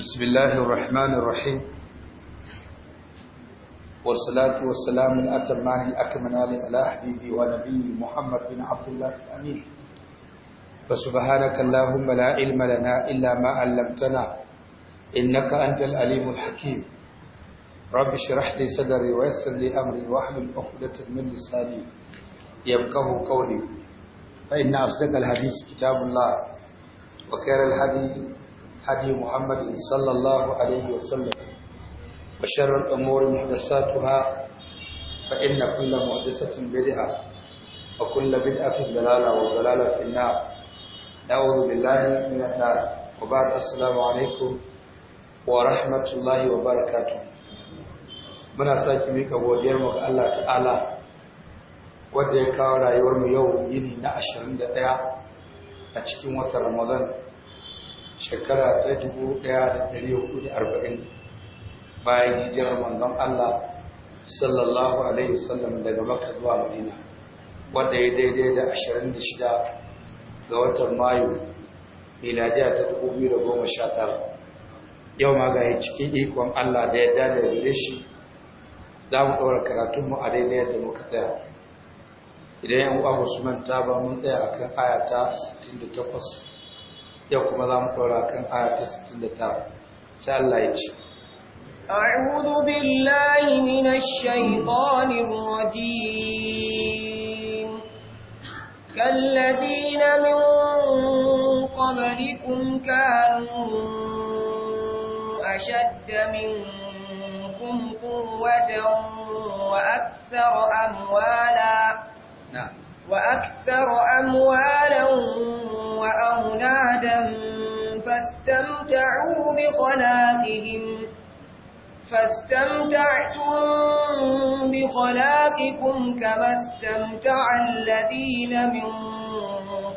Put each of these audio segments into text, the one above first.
بسم الله الرحمن الرحيم والصلاة والسلام الأتمان الأكملان على حبيبي ونبي محمد بن عبد الله الأمين فسبحانك اللهم لا علم لنا إلا ما علمتنا إنك أنت الأليم الحكيم رب اشرح لي صدري ويسر لي أمري واحلل عقدة من لساني يبقه قولي فإن أصدق الحديث كتاب الله وخير الهدي هدي محمد صلى الله عليه وسلم وشر الأمور محدثاتها فإن كل محدثة بدعة وكل بدعة ضلالة والضلالة في النار نعوذ بالله من النار وبعد السلام عليكم ورحمة الله وبركاته muna sake mika godiyar mu ga Allah ta'ala wanda ya kawo rayuwar mu yau yini na 21 a cikin wata ramadan shekara ta 1440 bayan hijirar manzon Allah sallallahu alaihi wasallam daga Makka zuwa Madina wanda ya daidai da 26 ga watan Mayu miladiya ta 2019 yau ma ga cikin ikon Allah da ya dade da shi za mu ɗaura karatunmu a daidai da muka tsaya idan yan uwa su manta ba mun tsaya akan aya ta 68 yau kuma za mu ɗora akan aya ta 69 sha Allah ya ce أعوذ بالله من الشيطان الرجيم كالذين من قبلكم كانوا أشد منكم قوة وأكثر أموالاً نعم وأكثر أموالا وأولادا فاستمتعوا بخلاقهم فاستمتعتم بخلاقكم كما استمتع الذين من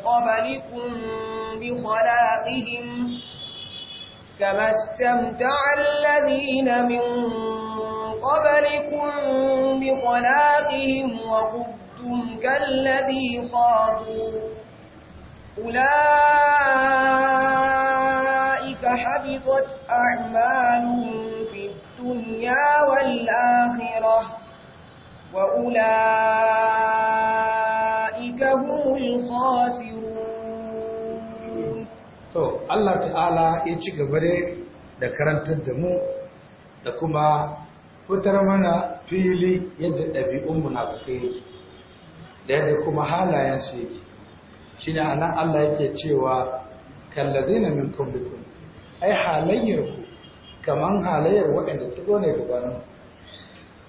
قبلكم بخلاقهم كما استمتع الذين من قبلكم بخلاقهم وقبلهم خضتم كالذي خاضوا أولئك حبطت أعمالهم في الدنيا والآخرة وأولئك هم الخاسرون تو الله تعالى يجيك بري da karantar da mu da kuma fitar mana fili yadda ɗabi'un munafukai yake da ne kuma halayensu yake shi ne a Allah yake cewa kallazi na min kumlikun ai halayyar ku, kamar halayyar waɗanda ta zo ne gabanin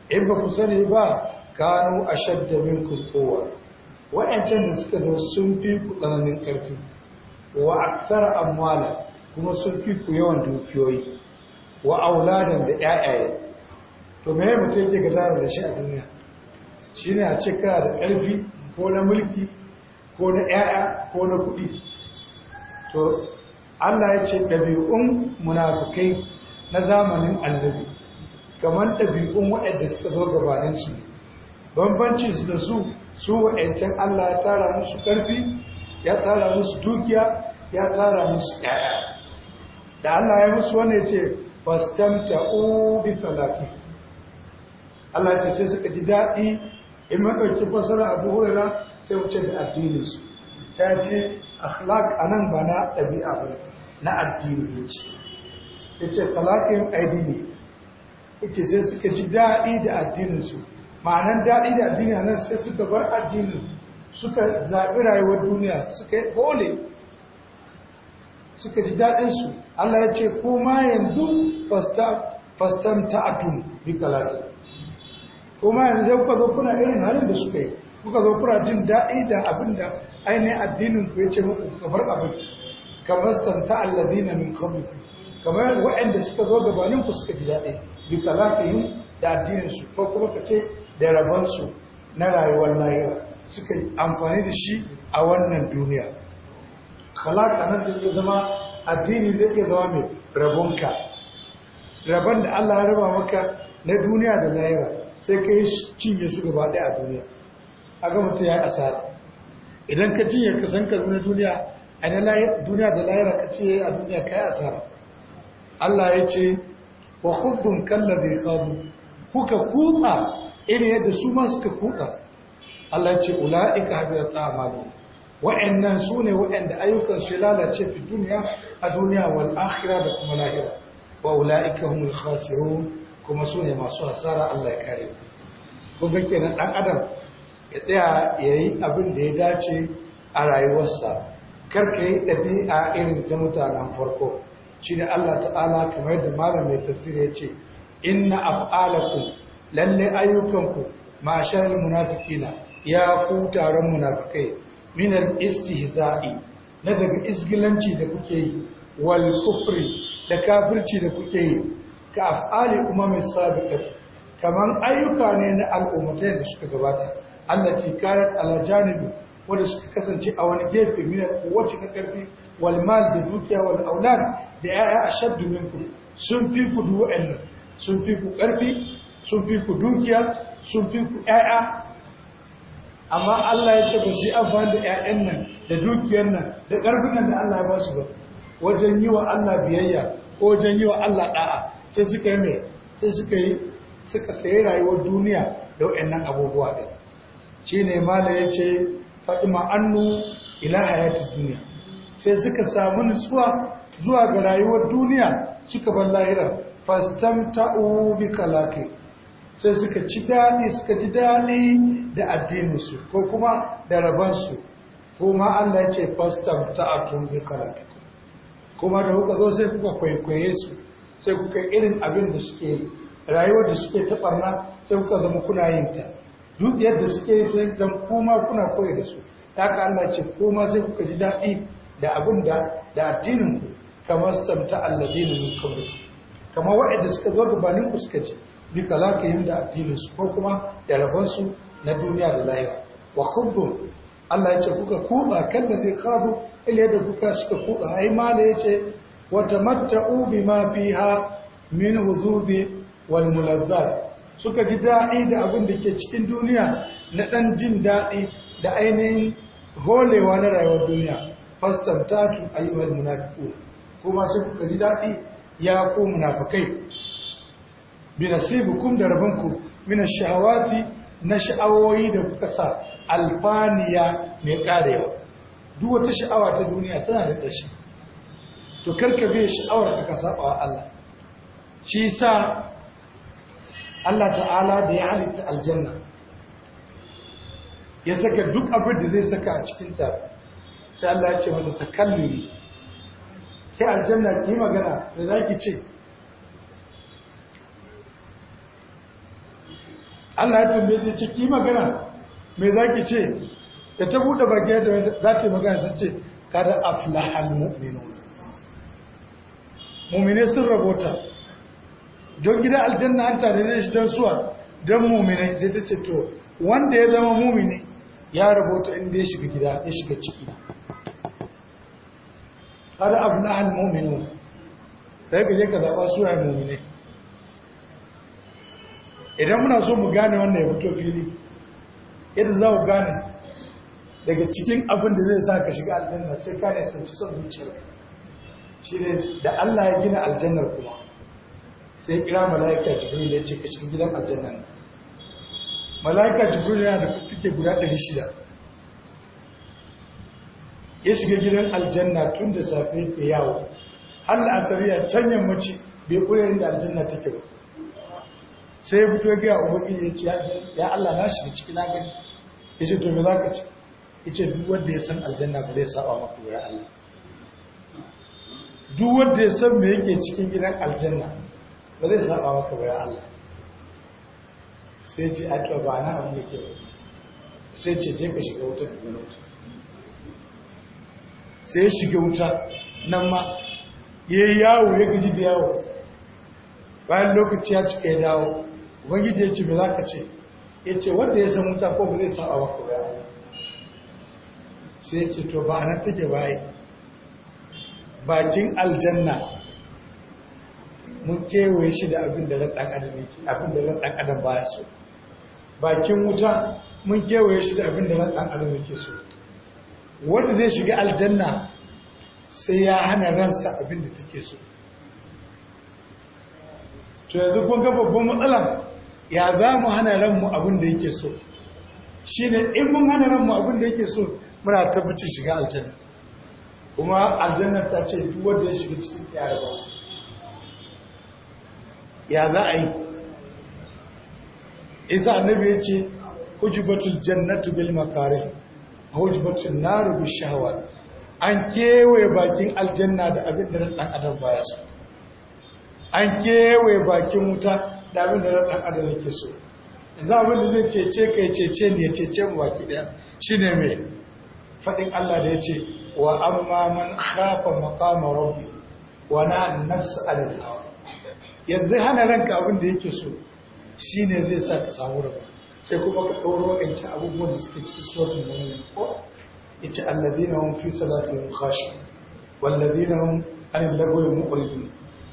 in ba ku sani ba gano a shadda min kowa waɗancan da suka zo sun fi ku tsananin ƙarfi wa aksara amwala kuma sun fi ku yawan dukiyoyi wa auladan da ƴaƴaye to me mutum yake gadara da shi a duniya shi ne a ce kana da ƙarfi ko na mulki ko na ‘ya'ya ko na kuɗi to allah ya ce ɗabi'un munafukai na zamanin annabi kamar ɗabi'un waɗanda suka zo gabaninsu bambancin su da su su wa'ancan allah ya tara musu ƙarfi ya tara musu dukiya ya tara musu ‘ya'ya da allah ya musu wani ce fastamta'u bi falaki Allah ce sai suka ji daɗi in ki fasara abu hurara sai wuce da su. ta ce akhlaq a nan ba na ɗabi'a ba na addini ya ce ya ce talakin addini ya ce sai suka ji daɗi da addinin su. ma'anar daɗi da addini a nan sai suka bar addinin suka zaɓi rayuwar duniya suka yi ƙole suka ji daɗinsu Allah ya ce kuma yanzu fastam ta'atun bi kalaki kuma yanzu kuka zo kuna irin halin da suka yi kuka zo kuna jin daɗi da abin da ainihin addinin ku ya ce muku kamar abin kamar stanta na min kwamfi kamar waɗanda suka zo gabanin ku suka ji daɗi bi talaqihim da addinin su ko kuma ka ce da rabon su na rayuwar lahira suka amfani da shi a wannan duniya talaka nan zai zama addini zai zama mai rabonka rabon da Allah ya raba maka na duniya da lahira sai ka yi cinye su gaba ɗaya a duniya a ga mutum ya yi asara idan ka cinye ka san ka na duniya a na duniya da lahira ka ce a duniya ka yi asara Allah ya ce wa hubbun kalla da ya kuka kuka irin yadda su ma suka kuka Allah ya ce ula'ika habiyar ta'amalu wa'annan su ne wa'anda ayyukan su lalace fi duniya a duniya wal akhira da kuma lahira wa ula'ika humul khasirun kuma su ne masu hasara Allah ya kare ku. ga kenan dan adam ya tsaya ya yi abin da ya dace a rayuwarsa kar ka yi ɗabi'a irin ta mutanen farko ne Allah ta'ala kamar yadda malam mai tafsiri ya ce inna af'alakum lalle ayyukanku ma sharal munafiqina ya ku taron munafikai min al-istihza'i na daga isgilanci da kuke yi wal kufri da kafirci da kuke yi ka af'ali kuma mai sabiqati Kamar ayyuka ne na al'ummatai da suka gabata allah kanat ala janibi wanda suka kasance a wani gefe min kowace na karfi wal mal da dukiya wal aulad da ya'ya ashaddu minku sun fi ku duwa'in sun fi ku karfi sun fi ku dukiya sun fi ku ya'ya amma Allah ya ce ba shi amfani da ƴaƴan nan da dukiyar nan da ƙarfin nan da Allah ya ba su ba wajen yi wa Allah biyayya ko wajen yi wa Allah ɗa'a sai suka yi mai sai suka yi suka sayi rayuwar duniya da waɗannan abubuwa ɗin shi ne da ya ce annu ila duniya sai suka samu nutsuwa zuwa ga rayuwar duniya suka bar lahira fastam ta'u bi kalaki sai suka ci daɗi suka ji daɗi da addininsu ko kuma da rabansu kuma Allah ya ce fastan ta'atun bi kalaki kuma da kuka zo sai kuka kwaikwaye su sai kuka irin abin da suke rayuwar da suke ta barna sai kuka zama kuna yin ta duk yadda suke sai dan kuma kuna koyi da su haka Allah ce kuma sai kuka ji daɗi da abin da da addinin ku kamar tsamta alladin min kabri kamar waɗanda suka zo banin ku suka ci bi yin da addinin su ko kuma da rabon su na duniya da lahira wa khuddu Allah ya ce kuka kuɗa kalla zai khadu ila da kuka suka kuba ai mala ya ce watamatta'u bima fiha min huzuzi wal mulazzat suka ji daɗi da abin da ke cikin duniya na ɗan jin daɗi da ainihin holewa na rayuwar duniya fastantatu ayyuhal munafiqun kuma sai kuka ji daɗi ya ku munafikai bi nasibukum da rabanku min ash-shahawati na sha'awoyi da kuka sa alfaniya mai karewa duk wata sha'awa ta duniya tana da ƙarshe to karka bai sha'awar ka saba wa Allah shi sa Allah ta'ala da ya halitta aljanna ya saka duk abin da zai saka a cikin ta sai Allah ya ce mata takalluri sai aljanna ki magana da zaki ce Allah ya tambaye ta ce ki magana me zaki ce da ta bude baki da za ta magana sai ce kada aflahal mu'minun mumine sun rabota don gidan aljanna an tare da shi don suwa don mumine zai ta ce to wanda ya zama mumine ya rabota inda ya shiga gida ya shiga ciki har abnahal mu'minun sai ka je ka zaba suwa mu'mine idan muna so mu gane wannan ya fito fili yadda za mu gane daga cikin abin da zai sa ka shiga aljanna sai ka ne sanci son zuciyarka ne da Allah ya gina aljannar kuma sai kira mala'ika jibril ya ce ka cikin gidan aljanna mala'ika jibril yana da fuffuke guda 600 ya shiga gidan aljanna tun da safe da yawo har a ya can yammaci bai kure inda aljanna take ba sai ya fito a ubangi ya ce ya Allah na shiga ciki na gani ya ce to me za ka ce ya ce duk wanda ya san aljanna ba zai saba maka ya Allah duk wanda ya san me yake cikin gidan aljanna ba zai saba maka ba ya Allah sai ce a to ba na abin yake ba sai ce je ka shiga wuta da wuta sai ya shiga wuta nan ma ya yi yawo ya gaji da yawo bayan lokaci ya cika ya dawo ubangiji ya ce me za ka ce ya ce wanda ya san wuta ko ba zai saba maka ba ya Allah sai ya ce to ba nan take baya bakin aljanna mun kewaye shi da abin da rantsan adam yake abin da adam baya so bakin wuta mun kewaye shi da abin da rantsan adam yake so wanda zai shiga aljanna sai ya hana ransa abin da take so to yanzu kun ga babban matsala ya za mu hana ranmu abin da yake so shine in mun hana ranmu abin da yake so muna tabbacin shiga aljanna kuma aljannar ta ce duk wanda ya shiga cikin yare ba ya za a yi isa annabi ya ce hujubatul jannatu bil makare hujbatul naru bi shahawat an kewaye bakin aljanna da abin da ɗan adam baya so an kewaye bakin wuta da abin da ɗan adam yake so yanzu abin da zai cece kai cece ne cece mu baki ɗaya shine mai faɗin Allah da ya ce Wa amma man وأما من wa na ربه ونهى النفس عن الهوى yanzu hana ranka abin da yake so shine zai sa ka samu raba sai kuma ka ɗauro wakanci abubuwan da suke cikin suwatun mummuni ko yace allazina hum fi salatihim khashu wallazina hum anil lagwi muqridun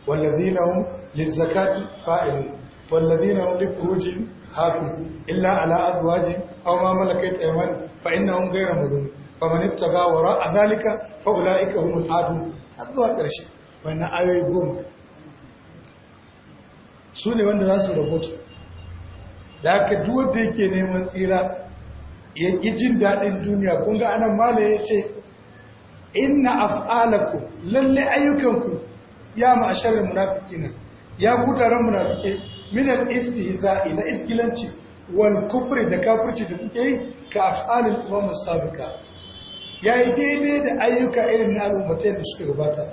wallazina hum lizakati fa'ilun wallazina hum lifurujihim hafizun illa ala azwajihim aw ma malakat aymanuhum fa innahum ghayru mulum fa man ittaba wara azalika fa ulaika humul adun zuwa karshe wannan ayoyi goma su ne wanda za su rahoto da ka duk wanda yake neman tsira ya jin daɗin duniya kun ga anan mala ya ce inna af'alaku lalle ayyukanku ya ma'asharar munafikina ya kutaren munafike minal istihza'i na iskilanci wal kufri da kafirci da kuke yi ka af'alil umam musabika ya yi daidai da ayyuka irin na al'ummatai da suka gabata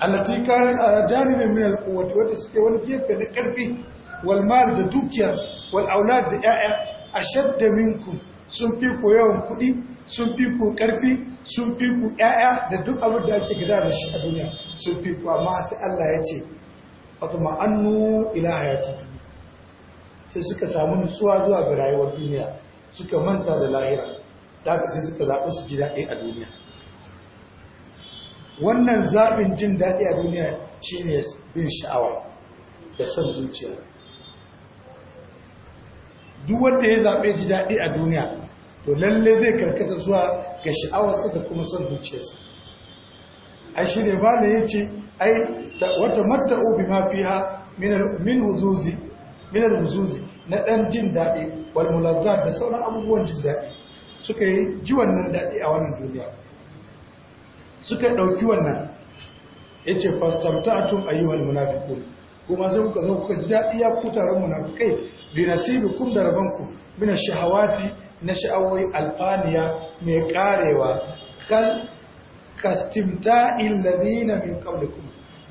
allati kana a mai min alquwwati wadda suke wani gefe na karfi wal mal da dukiya wal aulad da ya'ya ashadda minku sun fi ku yawan kuɗi sun fi ku karfi sun fi ku ya'ya da duk abin da ake gida da shi a duniya sun fi ku amma sai Allah ya ce fatuma annu ila hayati sai suka samu nutsuwa zuwa ga rayuwar duniya suka manta da lahira da sai suka zaɓi su ji daɗi a duniya wannan zaɓin jin daɗi a duniya shi ne bin sha'awa da son zuciya duk wanda ya zaɓe ji daɗi a duniya to lalle zai karkata zuwa ga sha'awarsa da kuma son zuciyarsa a shi ne ba da ya ce ai wata matta'o obi ma fi ha min huzuzi na ɗan jin daɗi walmulazzar da sauran abubuwan jin daɗi suka yi ji wannan daɗi a wannan duniya suka ɗauki wannan ya ce fastamtatun ayyuhal munafiqun kuma sai kuka zo kuka ji daɗi ya ku taron munafikai bi kun da rabanku na shahawati na sha'awoyi alfaniya mai ƙarewa. kal kastimta'il ladina min qablikum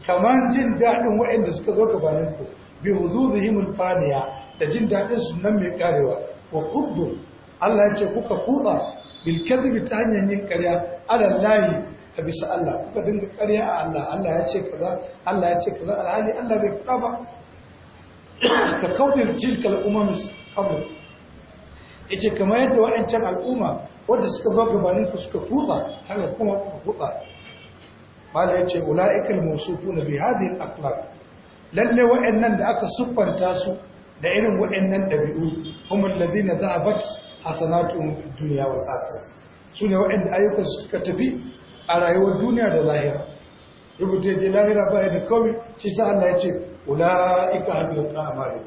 kaman jin daɗin waɗanda suka zo gabaninku bi huzuzihim alfaniya da jin daɗin sunan nan mai ƙarewa, wa kudu. Allah ya ce kuka kutsa bil kadhibi ta hanyar yin ƙarya ala lahi a bisa Allah kuka dinga ƙarya a Allah Allah ya ce kaza Allah ya ce kaza alhali Allah bai fita ba ka kaudir tilka al'umma qabl yace kamar yadda waɗancan al'umma wanda suka zo gabanin ku suka kutsa haka kuma ku kutsa mala yace ulaiikal mawsufuna bi hadhihi al-akhlaq lalle wa'annan da aka siffanta su da irin wa'annan dabi'u humul ladina zahabat hasanatun duniya wa tsatsa su ne waɗanda ayyukan su suka tafi a rayuwar duniya da lahira rubuta je lahira baya da kawai shi sa Allah ya ce ula'ika habibat amali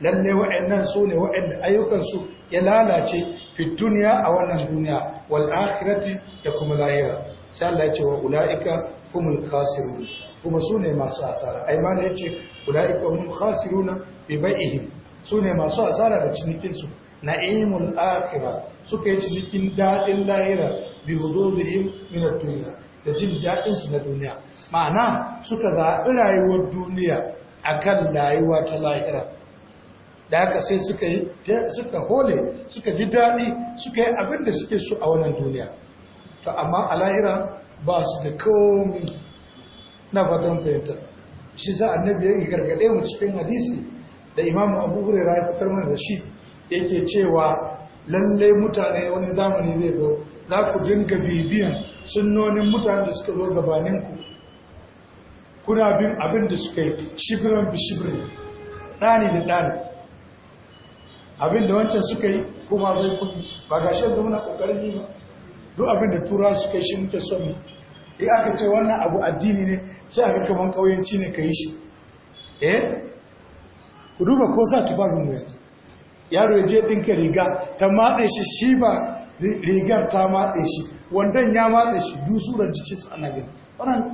lalle waɗannan su ne waɗanda ayyukan su ya lalace fi duniya a wannan duniya wal akhirati da kuma lahira sai Allah ya ce wa ula'ika humul khasirun kuma su ne masu asara ai ma ne ya ce ula'ika humul khasiruna bi bai'ihim su masu asara da cinikinsu na'imul akhirah suka yi cikin daɗin lahira bi hududihim min ad-dunya da jin dadin su na duniya ma'ana suka ga rayuwar duniya akan rayuwa ta lahira da haka sai suka yi suka hole suka ji daɗi, suka yi abin da suke so a wannan duniya to amma a lahira ba su da komi na fatan fahimta shi za annabi ya gargaɗe mu cikin hadisi da imamu abu hurairah ya fitar mana da shi yake cewa lallai mutane wani zamani zai zo za ku dinga bibiyan sunnonin mutane da suka zo gabaninku kuna bin abin da suka yi shibirin bi shibirin ɗani da ɗani abin da wancan suka yi kuma zai kudu ba ga shan zama na ƙoƙarin yi ba duk abin da tura suka yi shi muke son mu in aka ce wannan abu addini ne sai aka kaman ƙauyenci ne ka yi shi eh ku duba ko sa tufafin mu yanzu yaro je ɗinka riga ta matse shi shi ba rigar ta matse shi wandon ya matse shi dusuran jikin sa ana gani wannan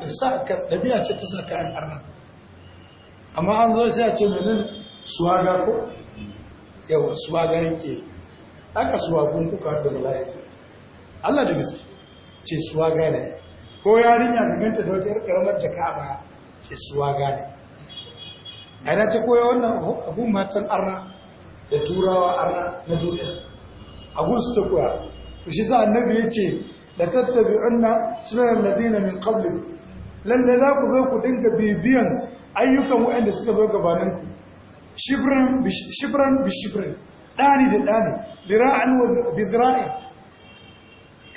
dabiya ce ta saka an harna amma an zo sai a ce mun suwaga ko yawa suwaga yake aka suwagun kuka da mala'ika Allah da gaske ce suwaga ne ko yarinya da ganta da wata karamar jaka ba ce suwaga ne ana ce koyo wannan abun matan arna da turawa arna na duniya a gunsu ta koya shi za annabi ya ce da tattabi'unna sunan ladina min qablikum lalle za ku zo ku dinga bibiyan ayyukan waɗanda suka zo gabaninku shibran bi shibran ɗani da ɗani zira'an wa bi zira'in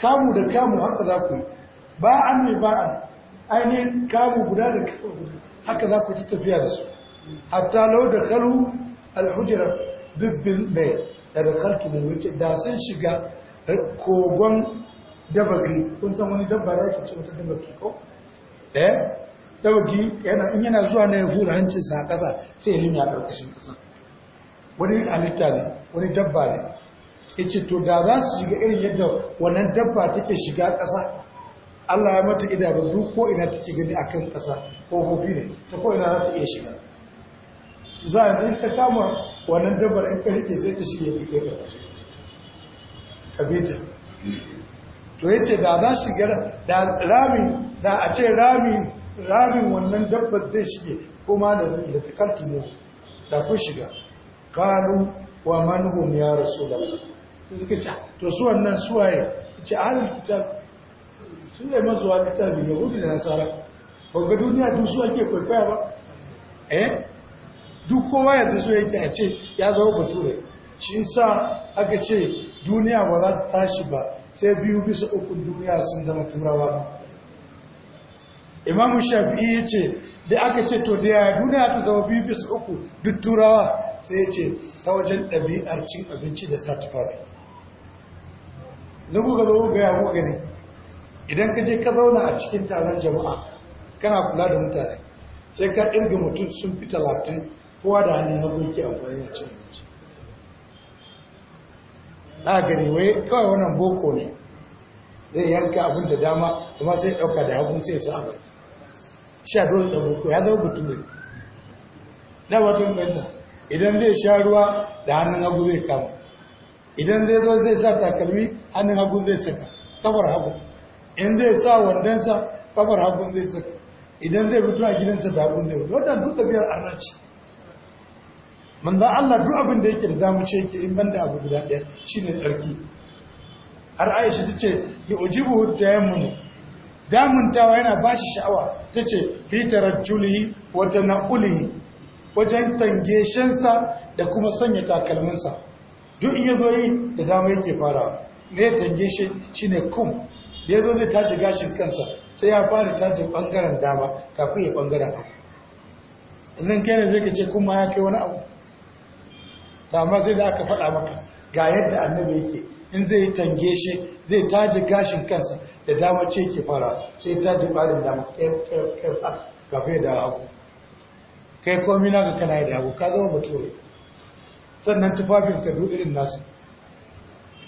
kamu da kamu haka za ku yi ba'an mai ba'an ainihin kamu guda da kamu guda haka za ku ci tafiya da su hatta lau da kalu alhujira dubbin mai tsarkaltu mai wuce da sun shiga kogon dabagi kun san wani dabba da ake cewa ta dabagi ko eh dabagi yana in yana zuwa na ya hura hancinsa a ƙasa sai ya limi a ƙarƙashin ƙasa wani halitta ne wani dabba ne yace to da za su shiga irin yadda wannan dabba take shiga ƙasa Allah ya mata idanu ko ina take gani a kan ƙasa ko gobi ne ta ko ina za ta iya shiga za a ta kama wannan dabbar in ka rike sai ta shige da ke gaba su ka bita to yace da za su shigar da rami da a ce rami ramin wannan dabbar zai shige kuma da da takartu ne da kun shiga qalu wa man hum ya rasulullah suka ce to su wannan suwaye ce halin kitab sun zai mazuwa littafi yahudi da nasara ba ga duniya duk su ake kwaikwaya ba eh duk kowa yanzu so yake a ce ya zama bature shi sa aka ce duniya ba za ta tashi ba sai biyu bisa uku duniya sun zama turawa ba imamu shafi'i ya ce da aka ce to da yaya duniya ta zama biyu bisa uku duk turawa sai ya ce ta wajen ɗabi'ar cin abinci da satifari na ga zo ga yawo gani idan ka je ka zauna a cikin taron jama'a kana kula da mutane sai ka irga mutum sun fi talatin kowa da hannun hagu yake amfani da cin abinci na gani wai kawai wannan boko ne zai yanka abin da dama kuma sai ɗauka da hagu sai su abai sha dole da boko ya zama ne na wajen ɗanta idan zai sha ruwa da hannun hagu zai kama idan zai zo zai sa takalmi hannun hagu zai saka kafar hagu in zai sa wandonsa kafar hagu zai saka idan zai fito a gidansa da hagu zai fito wata duk da biyar arnaci manzan Allah duk abin da yake da damu ce yake in banda abu guda ɗaya Shi ne tsarki har Aisha ta ce ya ujibu tayammun damuntawa yana ba shi sha'awa ta ce fitarar julihi wata na'ulihi wajen tangeshensa da kuma sanya takalminsa duk in yazo yi da dama yake farawa ne ya tange shi ne kum da ya zo zai tace gashin kansa sai ya fara tace bangaren dama kafin ya bangaren abu idan kai ne zai ka kuma ya kai wani abu ta amma da aka faɗa maka ga yadda annabi yake in zai yi tange shi zai taji gashin kansa da dama ce ke fara sai ta ji farin dama kafe da hagu kai komi na ga kana da hagu ka zama bature sannan tufafin ka duk irin nasu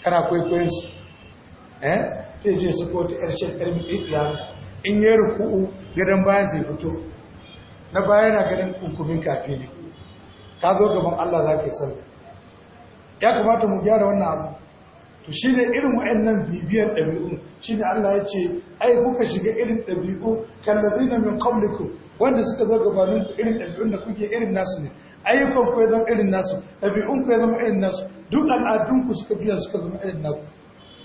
kana kwaikwayon su eh sai je su ko ta yar shan yar miƙiƙiya in yi ruku'u gidan bayan sai fito na bayan na ganin kunkumin kafi ne ka zo gaban Allah za ka yi sallah ya kamata mu gyara wannan abu to shi ne irin wa'annan bibiyar ɗabi'u shi ne Allah ya ce ai kuka shiga irin ɗabi'u kallazina min qablikum wanda suka zo gabanin irin ɗabi'un da kuke irin nasu ne ayyukan ku ya zama irin nasu ɗabi'un ku ya zama irin nasu duk al'adun ku suka biya suka zama irin nasu.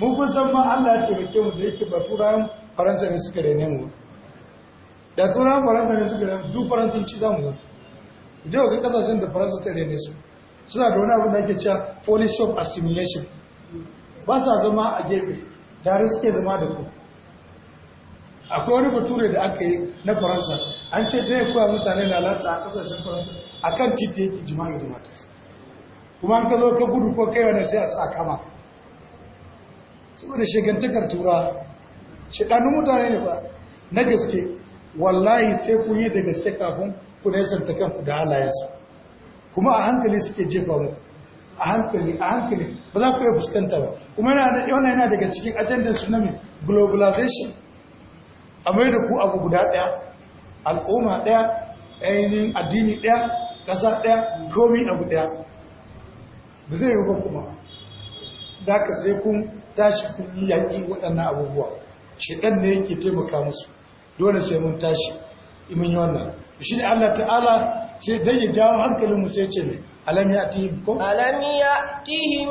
mu kun san ma Allah ya taimake mu da yake ba turawan faransa ne suka rene mu da turawan faransa ne suka rene mu duk faransanci za mu zama idan ga kasashen da faransa ta rene su suna da wani abu da ake cewa polishop assimilation ba sa zama a gefe tare suke zama da ku akwai wani bature da aka yi na faransa an ce ɗaya kuwa mutane lalata a ƙasashen faransa a kan titi yake jima'i da matarsa kuma an ka zo ka gudu ko kai wani sai a sa kama saboda shigantakar tura shiɗanun mutane ne ba na gaske wallahi sai kun yi da gaske kafin ku nesanta kanku da halayensu kuma a hankali suke jefa mu a hankali a hankali ba za ku iya fuskanta ba kuma yana yana daga cikin ajandar su na mai globalization a mai da ku abu guda ɗaya al'umma ɗaya ainihin addini ɗaya ƙasa ɗaya komi abu ɗaya ba zai yi ba kuma da ka sai kun tashi kun yaƙi waɗannan abubuwa shaɗan ne yake taimaka musu dole sai mun tashi imin yi wannan shi ne allah ta'ala sai dai ya jawo hankalin mu sai ce ne alam ko alam ya'tihim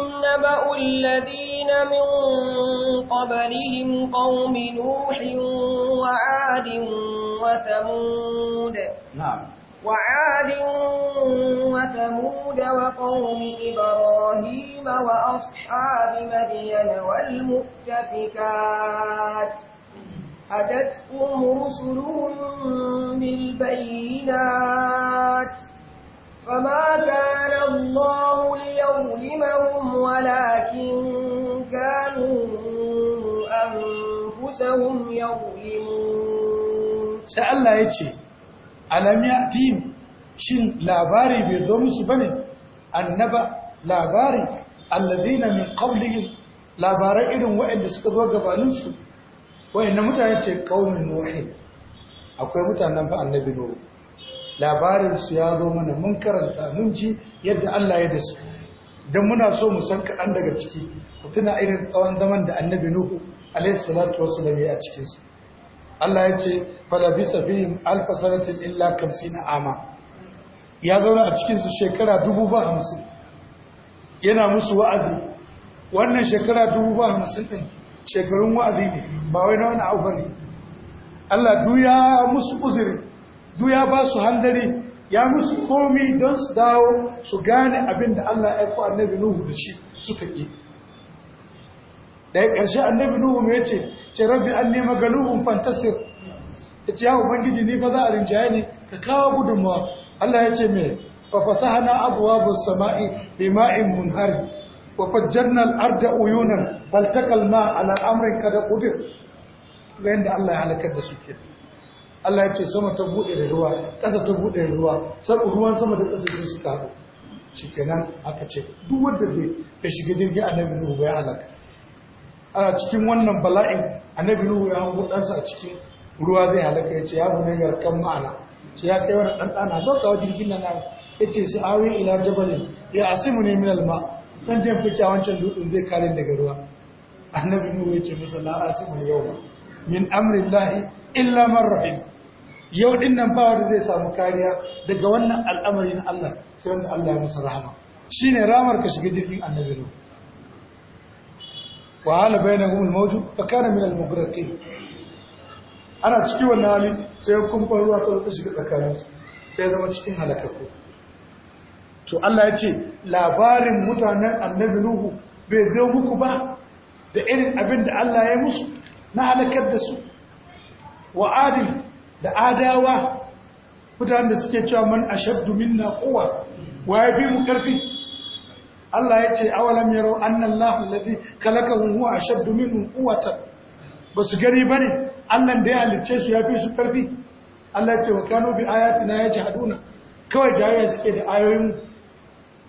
min qablihim qaumi nuhin wa 'adin wa thamud na'am أتتهم رسلهم بالبينات فما كان الله ليظلمهم ولكن كانوا أنفسهم يظلمون سأل الله يتشي ألم يأتيهم شن لاباري بذومس بني النبأ لاباري الذين من قبلهم labaran irin waɗanda suka zo gabaninsu wayannan mutane ce kaunin nuhin akwai mutanen fa annabi nuhu labarin su ya zo mana mun karanta mun ji yadda Allah ya da su dan muna so mu san kaɗan daga ciki ku tuna irin tsawon zaman da annabi nuhu alaihi salatu wassalam ya a cikin su Allah ya ce bi fihim alfa sanatin illa kamsina ama ya zauna a cikinsu shekara dubu ba hamsin yana musu wa'azi wannan shekara dubu ba hamsin ɗin shekarun wa'azi ne ba wai na wani abu ne Allah duya musu uzuri duya ba su handare ya musu komi don su dawo su gane abin da Allah ya ku annabi Nuhu da shi suka Da da ƙarshe annabi Nuhu mai ce ce rabbi an nema galuhun fantasir ya ce ya ubangiji ni ba za a rinjaye ne ka kawo gudunmawa Allah ya ce mai fafata hana abuwa bu sama'i bima'in munhari وفجرنا الأرض ma ala الماء kada أمر ga قدر Allah ya يهلك da su ke Allah ya ce sama ta bude da ruwa ƙasa ta bude da ruwa sai ruwan sama da ƙasa sun suka shi kenan aka ce duk wanda bai shiga jirgin annabi Nuhu bai halaka ana cikin wannan bala'in annabi Nuhu ya hango ɗansa a cikin ruwa zai halaka ya ce ya bune yarkan ma'ana ce ya kai wani ɗanɗana don kawo jirgin nan ya ce su awi ila jabalin ya asimu ne min alma zan je fita wancan dutsen zai kare daga ruwa annabi nuhu yake musu la'asu mai yau min amrillahi illa man rahim yau din nan ba wanda zai samu kariya daga wannan al'amari na Allah sai wanda Allah ya masa rahama shine ramar ka shiga jirgin annabi nuhu wa hala bainahum al-mawju fa kana min al-mughraqin ana cikin wannan hali sai kumfar ruwa ta shiga tsakaninsu sai zama cikin halakakku to Allah ya ce labarin mutanen annabi Nuhu bai zo muku ba da irin abin da Allah ya musu na halakar da su wa adil da adawa mutanen da suke cewa man ashaddu minna quwwa wa yafi mu karfi Allah ya ce awalam yarau anna Allah alladhi khalaqahum huwa ashaddu minhum quwwatan basu gari bane Allah da ya halicce su ya fi su karfi Allah ya ce wa kanu bi ayatina yajhaduna kawai jayayya suke da ayoyin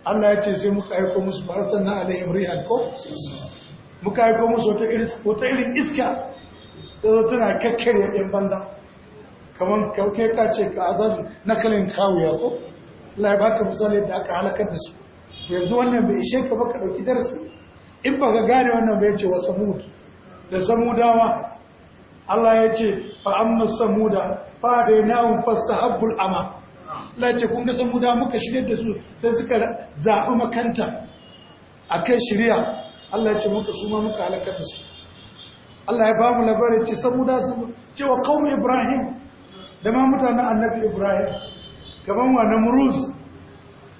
Allah ya ce sai muka aiko musu faratan na alayhim rihan ko muka aiko musu wata irin iska ta tana kakkarya ɗan banda kamar kai ka ce ka azar nakalin kawuya ko Allah ya baka misali da aka halakar da su yanzu wannan bai ishe ka ba ka ɗauki darasi in baka gane wannan bai ce wa samud da samudawa Allah ya ce fa amma samuda fa da na'un fastahabbul ama Allah ya ce kun ga samuda muka shirya da su sai suka zaɓi makanta a kan shirya Allah ya ce muka suma muka halakar da su Allah ya bamu labarin ce samuda su cewa kawun Ibrahim da ma mutanen annabi Ibrahim gaban wa Namruz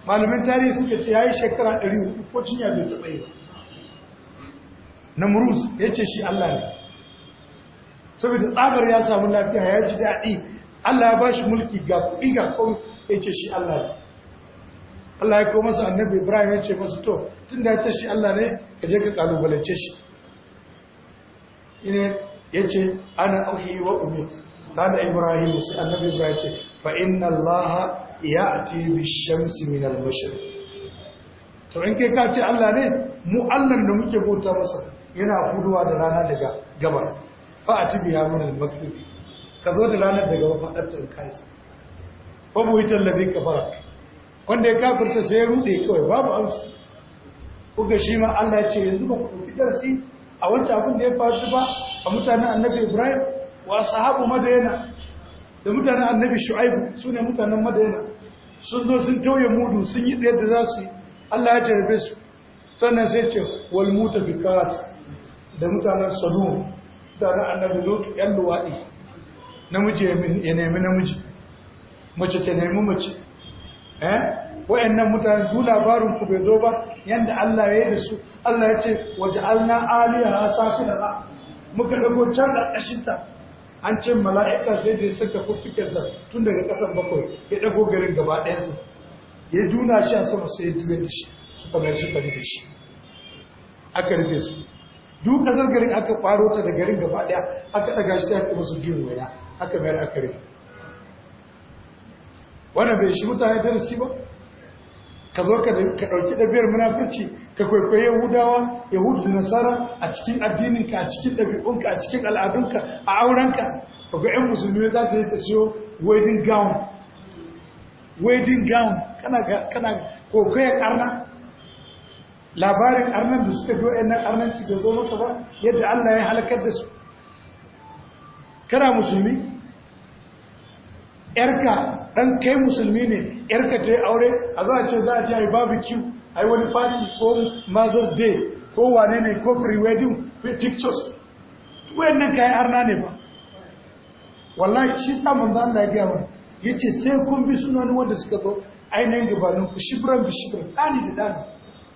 malamin tarihi suka ce yayi shekara 400 ko cinya bai taɓa yi ba Namruz ya ce shi Allah ne saboda tsabar ya samu lafiya ya ji daɗi Allah ya ba shi mulki ga kuɗi ga komai yake ce shi Allah ne Allah ya kawo masa annabi Ibrahim ya ce masu to tun da ya ce shi Allah ne ka je ka kalubalance shi ne ya ce ana auhi wa umit da Ibrahim sai annabi Ibrahim ce fa inna Allah ati bi shamsi min al to in kai ka ce Allah ne mu Allah da muke bauta masa yana huduwa da rana daga gabar fa a ya min al-maghrib ka zo da ranar daga wafa in kaisa babu ita ladhi kafara wanda ya kafirta sai ya rude kawai babu amsa kuka shi ma Allah ya ce yanzu ba ku fitar darasi a wancan abin da ya faru ba a mutanen annabi Ibrahim wa sahabu madayana da mutanen annabi Shu'aibu su ne mutanen madayana sun zo sun tauye mudu sun yi tsaye da za su yi Allah ya jarabe su sannan sai ce wal kawata. da mutanen salu mutanen annabi lutu yan luwaɗi namiji ya nemi namiji mace ta nemi mace eh wayannan mutane duk labarin ku bai zo ba yanda Allah ya yi da su Allah ya ce waj'alna aliha safila muka dago can karkashin ta an ce mala'ika sai da ya saka sa tun daga kasan bakwai ya dago garin gaba sa. ya duna shi a sama sai ya tuwe da shi suka mayar shi fari da shi aka rufe su duk ƙasar garin aka faro ta da garin gaba ɗaya aka ɗaga shi ta kuma su biyun ya aka mayar aka rufe wannan bai shi mutane darasi ba ka zo ka ɗauki ɗabiyar munafurci ka kwaikwaye yahudawa yahudu da nasara a cikin addininka a cikin ɗabi'unka a cikin al'adunka a aurenka ka ga 'yan musulmi za ta yi ta siyo wedding gown wedding gown kana kwaikwayen arna labarin arnan da suka biyo 'yan arnanci da zo maka ba yadda allah ya halakar da su kana musulmi 'yarka dan kai musulmi ne yarka ta aure a za a ce za a ce ai barbecue ai wani party ko mother's day ko wane ne ko pre-wedding pictures ka kayan arna ne ba wallahi shi ta za a ya gaya ya ce sai kun bi sunan wanda suka zo ainihin gabanin ku shibiran bi shibiran ɗani da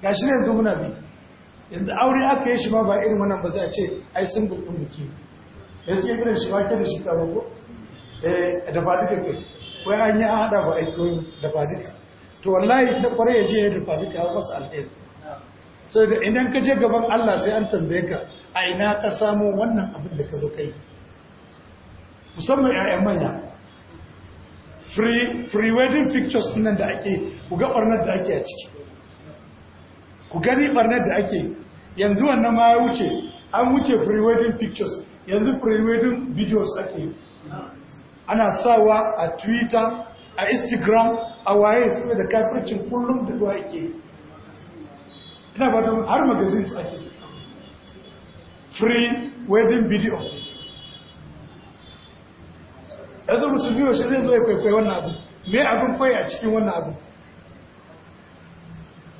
ga shi ne yanzu muna bi yanzu aure aka yi shi ma ba irin wannan ba za a ce ai sun gudun da ke yanzu ya gina shi ba ke da shi ka ko eh da ba duka kai wai an yi haɗa ba aiko da fadika duka to wallahi na kwarai ya je da ba ya wasu alheri so da idan ka je gaban Allah sai an tambaye ka a ina ka samu wannan abin da ka zo kai musamman 'ya'yan manya free wedding pictures nan da ake ku ga barnar da ake a ciki ku gani barnar da ake yanzu wannan ma ya wuce an wuce free wedding pictures yanzu free wedding videos ake ana sawa a twitter a instagram a waye su da kafircin kullum da duwa ake ina ba har magazines ake free wedding video yanzu musulmi wasu zai zo ya kwaikwai wannan abu me abin kwai a cikin wannan abu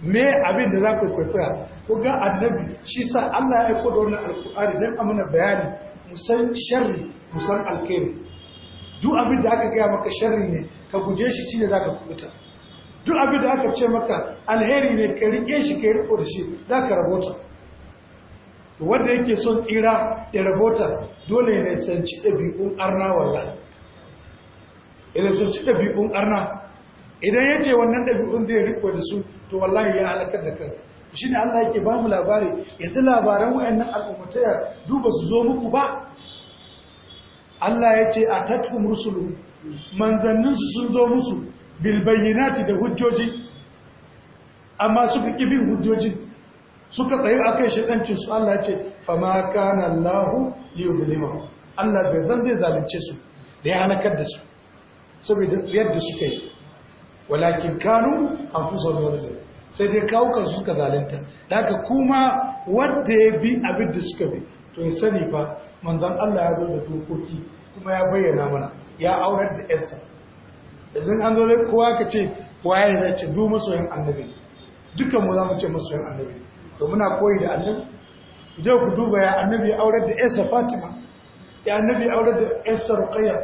me abin da za ku a? ku ga annabi shi sa Allah ya aiko da wannan alkur'ani don amina bayani musan sharri musan alkairi duk abin da aka gaya maka sharri ne ka guje shi za ka kubuta duk abin da aka ce maka alheri ne ka rike shi ka riko da shi za ka rabota to yake son tsira da rabota dole ne sun ci ɗabi'un arna walla. idan sun ci ɗabi'un arna idan ya ce wannan ɗabi'un zai riko da su to wallahi ya halakar da kansa shi ne Allah yake ba mu labari yanzu labaran wayannan al'ummatayar duba su zo muku ba Allah ya ce a tatkum rusulu manzanninsu sun zo musu bilbayyanati da hujjoji amma suka bin hujjojin suka tsayi a kai shaɗancinsu Allah ya ce fama kana Allahu liyubilima Allah bai zan zai zalunce su da ya halakar da su saboda yadda suka yi walakin kanu an kusa zuwa sai dai kawo kansu suka zalunta da aka kuma wadda ya bi abin da suka bi to yi sani fa manzan Allah ya zo da dokoki kuma ya bayyana mana ya aurar da yarsa idan an zo zai kowa ka ce kowa ya zai ce duk masoyin annabi dukkan mu za mu ce masoyin annabi to muna koyi da annabi je ku duba ya annabi aurar da yarsa Fatima ya annabi aurar da yarsa Ruqayya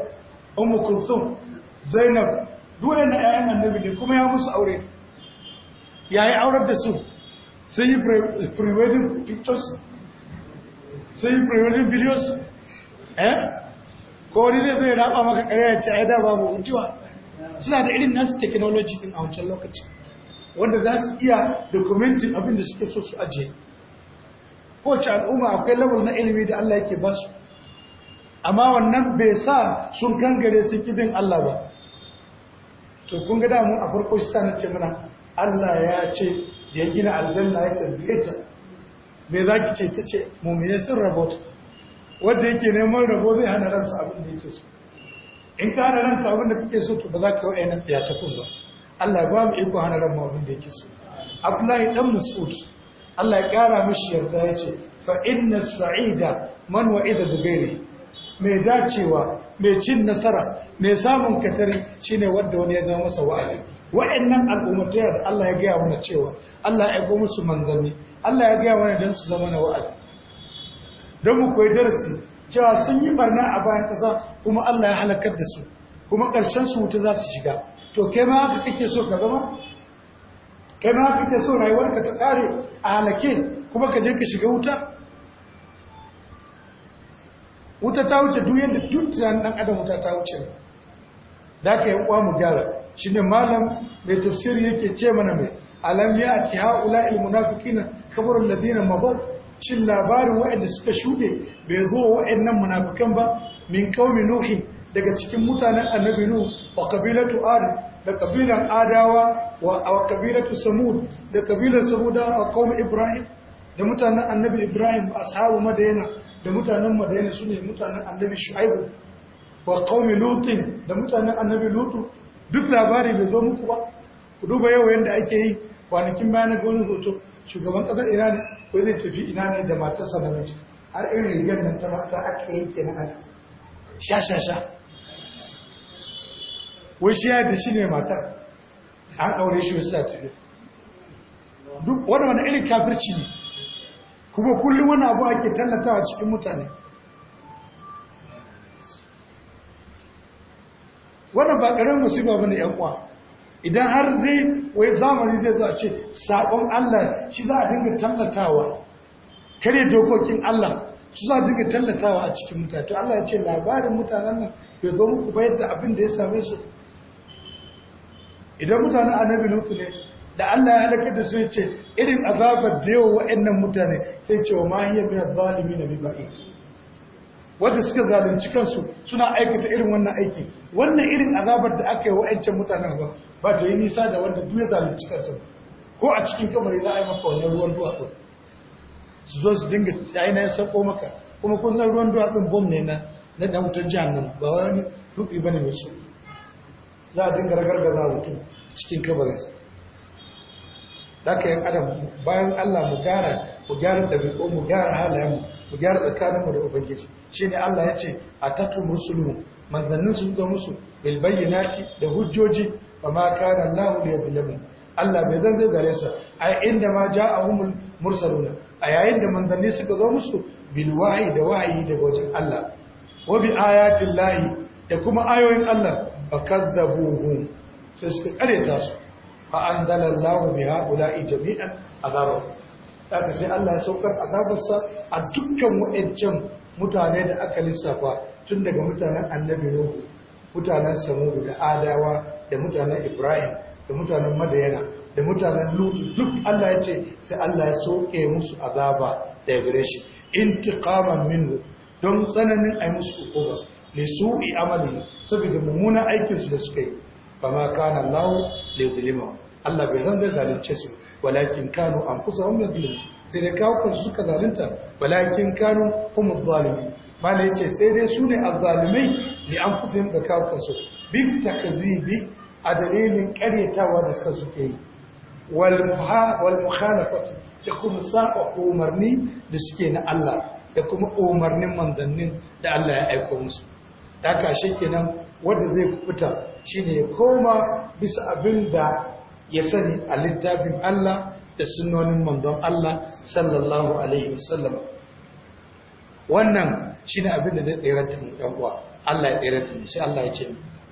Ummu Kulthum Zainab duk na ƴaƴan annabi ne kuma ya musu aure Ya yi aurar da su sai yi pre-wedding pictures sun yi bilios eh? ko wani zai zai raba maka kare ya ce ai da mu hujjuwa suna da irin nasu technology din a wancan lokaci wanda za su iya documentin abin da suke so su ajiye kowace al'umma akwai level na ilimi da Allah yake ba su amma wannan bai sa sun kangare su kibin Allah ba to kun ga damu a farko shi na ce mana Allah ya ce da ya gina aljanna ya tambaye ta me za ki ce ta ce mummune sun rabota wadda yake neman rabo zai hana ransa abin da yake so in ka hana ransa abin da kake so to ba za ka yi ya ta kun ba Allah ba mu iko hana ranmu abin da yake so Abdullahi dan Mas'ud Allah ya kara mishi yarda ya ce fa inna sa'ida man wa'ida bi ghairi mai dacewa mai cin nasara mai samun katari shine wanda wani ya zama masa wa'azi wa'annan al'ummatai da Allah ya gaya mana cewa Allah ya aiko musu manzanni Allah ya gaya mana don su zama na wa'azi don mu koyi darasi cewa sun yi barna a bayan ƙasa kuma Allah ya halakar da su kuma ƙarshen su wuta za su shiga to kai ma haka kake so ka zama kai ma haka kake so ka ta ƙare a halake kuma ka je ka shiga wuta wuta ta wuce duk yadda duk tunanin ɗan adam wuta ta wuce da ka yi uwa mu gyara ne malam mai tafsiri yake ce mana mai alam ya ati haula il munafiqina kabar alladhina madaw shin labarin wa'anda suka shude bai zo wa'annan munafikan ba min qaumi nuhi daga cikin mutanen annabi nuh wa qabilatu ad da qabilan adawa wa qabilatu samud da qabilan samuda wa qaumi ibrahim da mutanen annabi ibrahim ashabu madayana da mutanen madayana sune mutanen annabi shu'aibu wa qaumi lutin da mutanen annabi lutu duk labari bai zo muku ba ku duba yau yadda ake yi kwanakin bayan na wani hoto shugaban ƙasar iran ko zai tafi ina ne da matarsa da mace har irin rigar nan ta mata aka yanke na aka sha sha sha wai shi ya da shi ne mata an aure shi wasu da duk wani wani irin kafirci ne kuma kullum wani abu ake tallatawa cikin mutane wannan ba ƙarar ba bane yan uwa idan har zai wai zamani zai zo ce sabon Allah shi za a dinga tallatawa kare dokokin Allah su za a dinga tallatawa a cikin mutane to Allah ya ce labarin mutanen nan bai zo muku bayar da abin da ya same su idan mutanen annabi nufi ne da Allah ya halaka da su ya ce irin azabar da yawa waɗannan mutane sai ce wa mahiyar min zalimi na biba'i wadda suka zalunci kansu suna aikata irin wannan aiki wannan irin azabar da aka yi wa'ancan mutanen ba ba ta yi nisa da wanda duk ya zalunci kansu ko a cikin kamar za a yi maka wani ruwan duwatsu su zo su dinga yayi na sako maka kuma kun zan ruwan duwatsun bom ne na na dan wutar nan, ba wani rufi ne mai su za a dinga ragargaza mutum cikin kabarinsa da yin adam bayan Allah mu gara Ku gyara ɗabi'u mu gyara halayen mu gyara tsakaninmu da ubangiji shine Allah ya ce a tatu rusulu manzannin sun zo musu bil da hujjoji ba ma kana Allah liyadhlimu Allah bai zan zai gare su ai inda ma ja'ahumul mursaluna a yayin da manzanni suka zo musu bil wayi da wahyi daga wajen Allah wa bi ayatin lahi da kuma ayoyin Allah fa kadzabuhum sai suka ta su fa anzalallahu biha ulai jami'an azabar. aka sai Allah ya saukar azabarsa a dukkan wa'ancan mutane da aka lissafa tun daga mutanen annabi Nuhu mutanen Samudu da Adawa da mutanen Ibrahim da mutanen Madayana da mutanen Lutu duk Allah ya ce sai Allah ya sauke musu azaba ya gare shi In intiqaman minhu don tsananin ai musu hukuma su su'i amali saboda mummunan aikinsu da suka yi fama kana Allah da zulima Allah bai zan zalunce su walakin kanu anfusahum yadhlimun sai dai kawukan suka zalunta walakin kanu humuz Mana malai yace sai dai su ne azzalimai li anfusihim da kawukan su bit takzibi a dalilin karyatawa da suka suke yi wal mukhalafati da kuma Sa'a umarni da suke na Allah da kuma umarnin manzannin da Allah ya aiko musu da haka kenan wanda zai kubuta shine ya koma bisa abin da ya sani a littafin Allah da sunonin manzon Allah sallallahu alaihi wasallam wannan abin da zai tsere da dan uwa Allah ya tsere da sai Allah ya ce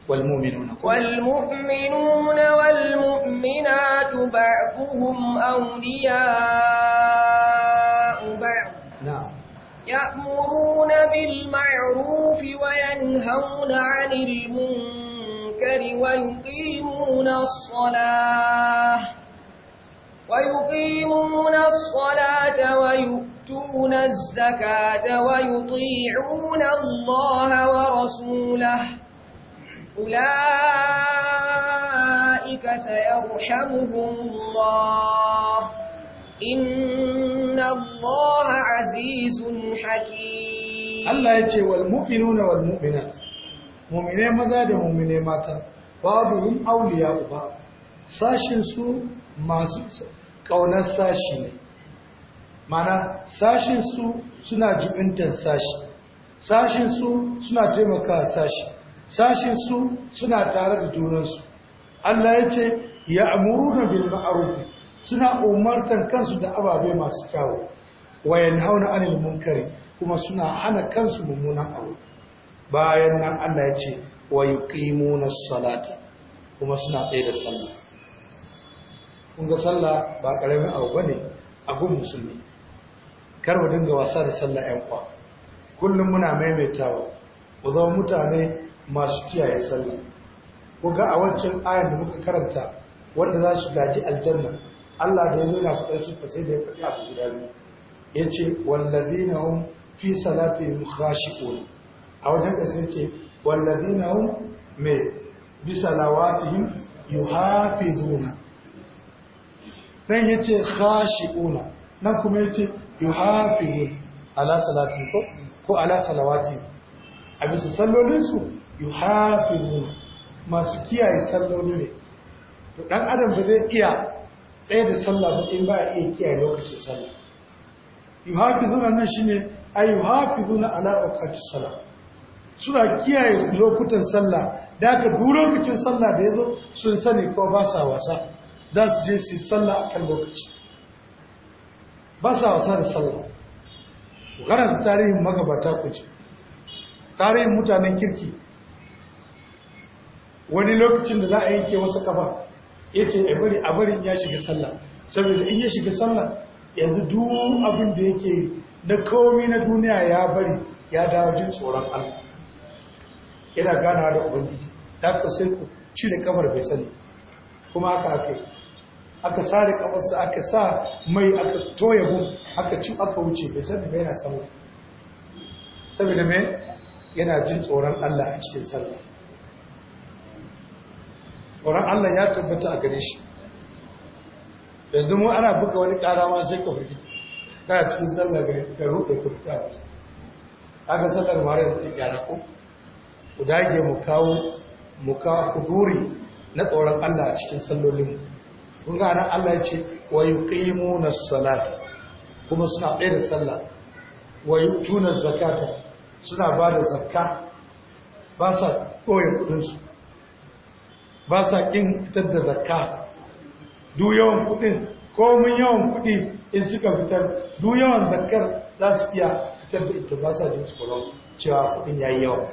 wal mu'minuna wal mu'minuna wal mu'minatu ba'dhum awliya'u ba'd na'am wa yanhauna الذكر ويقيمون الصلاة ويقيمون الصلاة ويؤتون الزكاة ويطيعون الله ورسوله أولئك سيرحمهم الله إن الله عزيز حكيم الله يجي والمؤمنون والمؤمنات mumine maza da mumine mata babu yin auliya uba sashin su masu kaunar sashi ne mana sashin su suna jibintar sashi sashin su suna taimaka sashi sashin su suna tare da junansu Allah ya ce ya amuruna bil ma'ruf suna umartar kansu da ababe masu kyawu wayan hauna anil munkari kuma suna hana kansu mummunan abu bayan nan Allah ya ce wa yuqimuna salata kuma suna tsaye da sallah kun ga sallah ba karamin abu bane a gun musulmi kar mu dinga wasa da sallah ƴan kwa kullum muna maimaitawa ku zama mutane masu kiyaye sallah ku ga a wancan ayar da muka karanta wanda za su gaji aljanna Allah da ya nuna kuɗin su sai da ya faɗi abu guda biyu ya ce wallazina hum fi salatihim khashi'un a wajen da sai ce wallazina hum me bi salawatihim yuhafizuna dan yace khashi'una nan kuma yace yuhafizu ala salati ko ko ala salawati a bisa sallolin su yuhafizu masu kiyaye salloli ne to dan adam ba zai iya tsaye da sallah ba in ba ya iya kiyaye lokacin sallah yuhafizuna nan shine ayuhafizuna ala waqtis salah suna kiyaye lokutan sallah da aka duk lokacin sallah da ya zo sun sani ko ba sa wasa za su je su sallah a kan lokaci ba sa wasa da sallah ƙarar tarihin magabata ku ce tarihin mutanen kirki wani lokacin da za a yanke wasu kafa ya ce a bari a barin ya shiga sallah saboda in ya shiga sallah yanzu duk abin da yake na komi na duniya ya bari ya dawo jin tsoron Allah yana gana da ubangiji ta ka sai ku cire kamar bai sani kuma aka aka yi aka sare kamarsa aka sa mai aka toye gun aka ci aka wuce bai sani mai yana samu saboda mai yana jin tsoron Allah a cikin sallah tsoron Allah ya tabbata a gare shi yanzu mu ana buga wani ma sai ka firgita kana cikin sallah ga rufe kurta aka sallar mara yadda ya gyara ko ku dage mu kawo mu kawo huduri na tsoron Allah a cikin sallolinmu kun ga nan Allah ya ce wa yuqimuna salata kuma suna ɗaya da sallah wa yutuna zakata suna ba da zakka ba sa kudin su ba sa kin fitar da zakka duk yawan kudin mun yawan kudi in suka fitar duk yawan zakkar za su iya fitar da ita ba sa jin tsoron cewa kudin ya yi yawa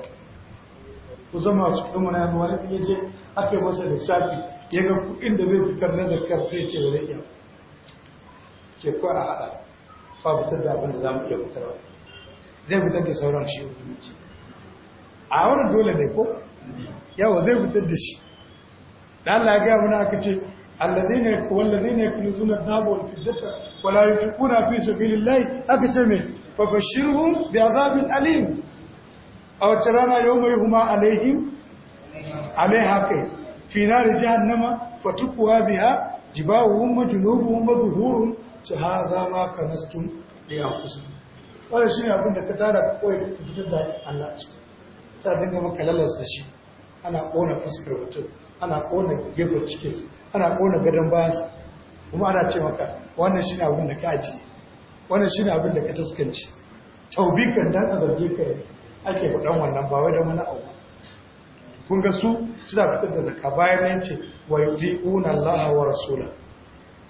ku zama cikin mana yanzu wani ya je aka masa lissafi ya ga kuɗin da zai fitar na zakar sai ce wani iya ke kuwa a haɗa fa fitar da abin da za mu iya fitarwa zai fitar da sauran shi a wani dole ne ko yawa zai fitar da shi da Allah ya gaya mana aka ce ne alladhina walladhina yakunzuna dhahaba wal fiddata wala yunfiquna fi sabilillahi aka ce me fa bashirhum bi azabin alim a wacce rana yau mai huma alaihim alaiha kai fina da jihannama fatukuwa biya jibawuhun majunubuhun mazuhurun su ha za ma ka nastun da ya kusa wadda shi ne abin da ka tara kawai fitar da allah ce ta dinga maka lalas da shi ana ƙona fuskar mutum ana ƙona gefen cikinsa ana ƙona gadon bayansa kuma ana ce maka wannan shi ne abin da ka ajiye wannan shi ne abin da ka taskanci taubikan dan a zarge ka ake faɗan wannan ba wai da wani abu kun ga su suna fitar da zaka bayan nan ce wa Allah wa rasula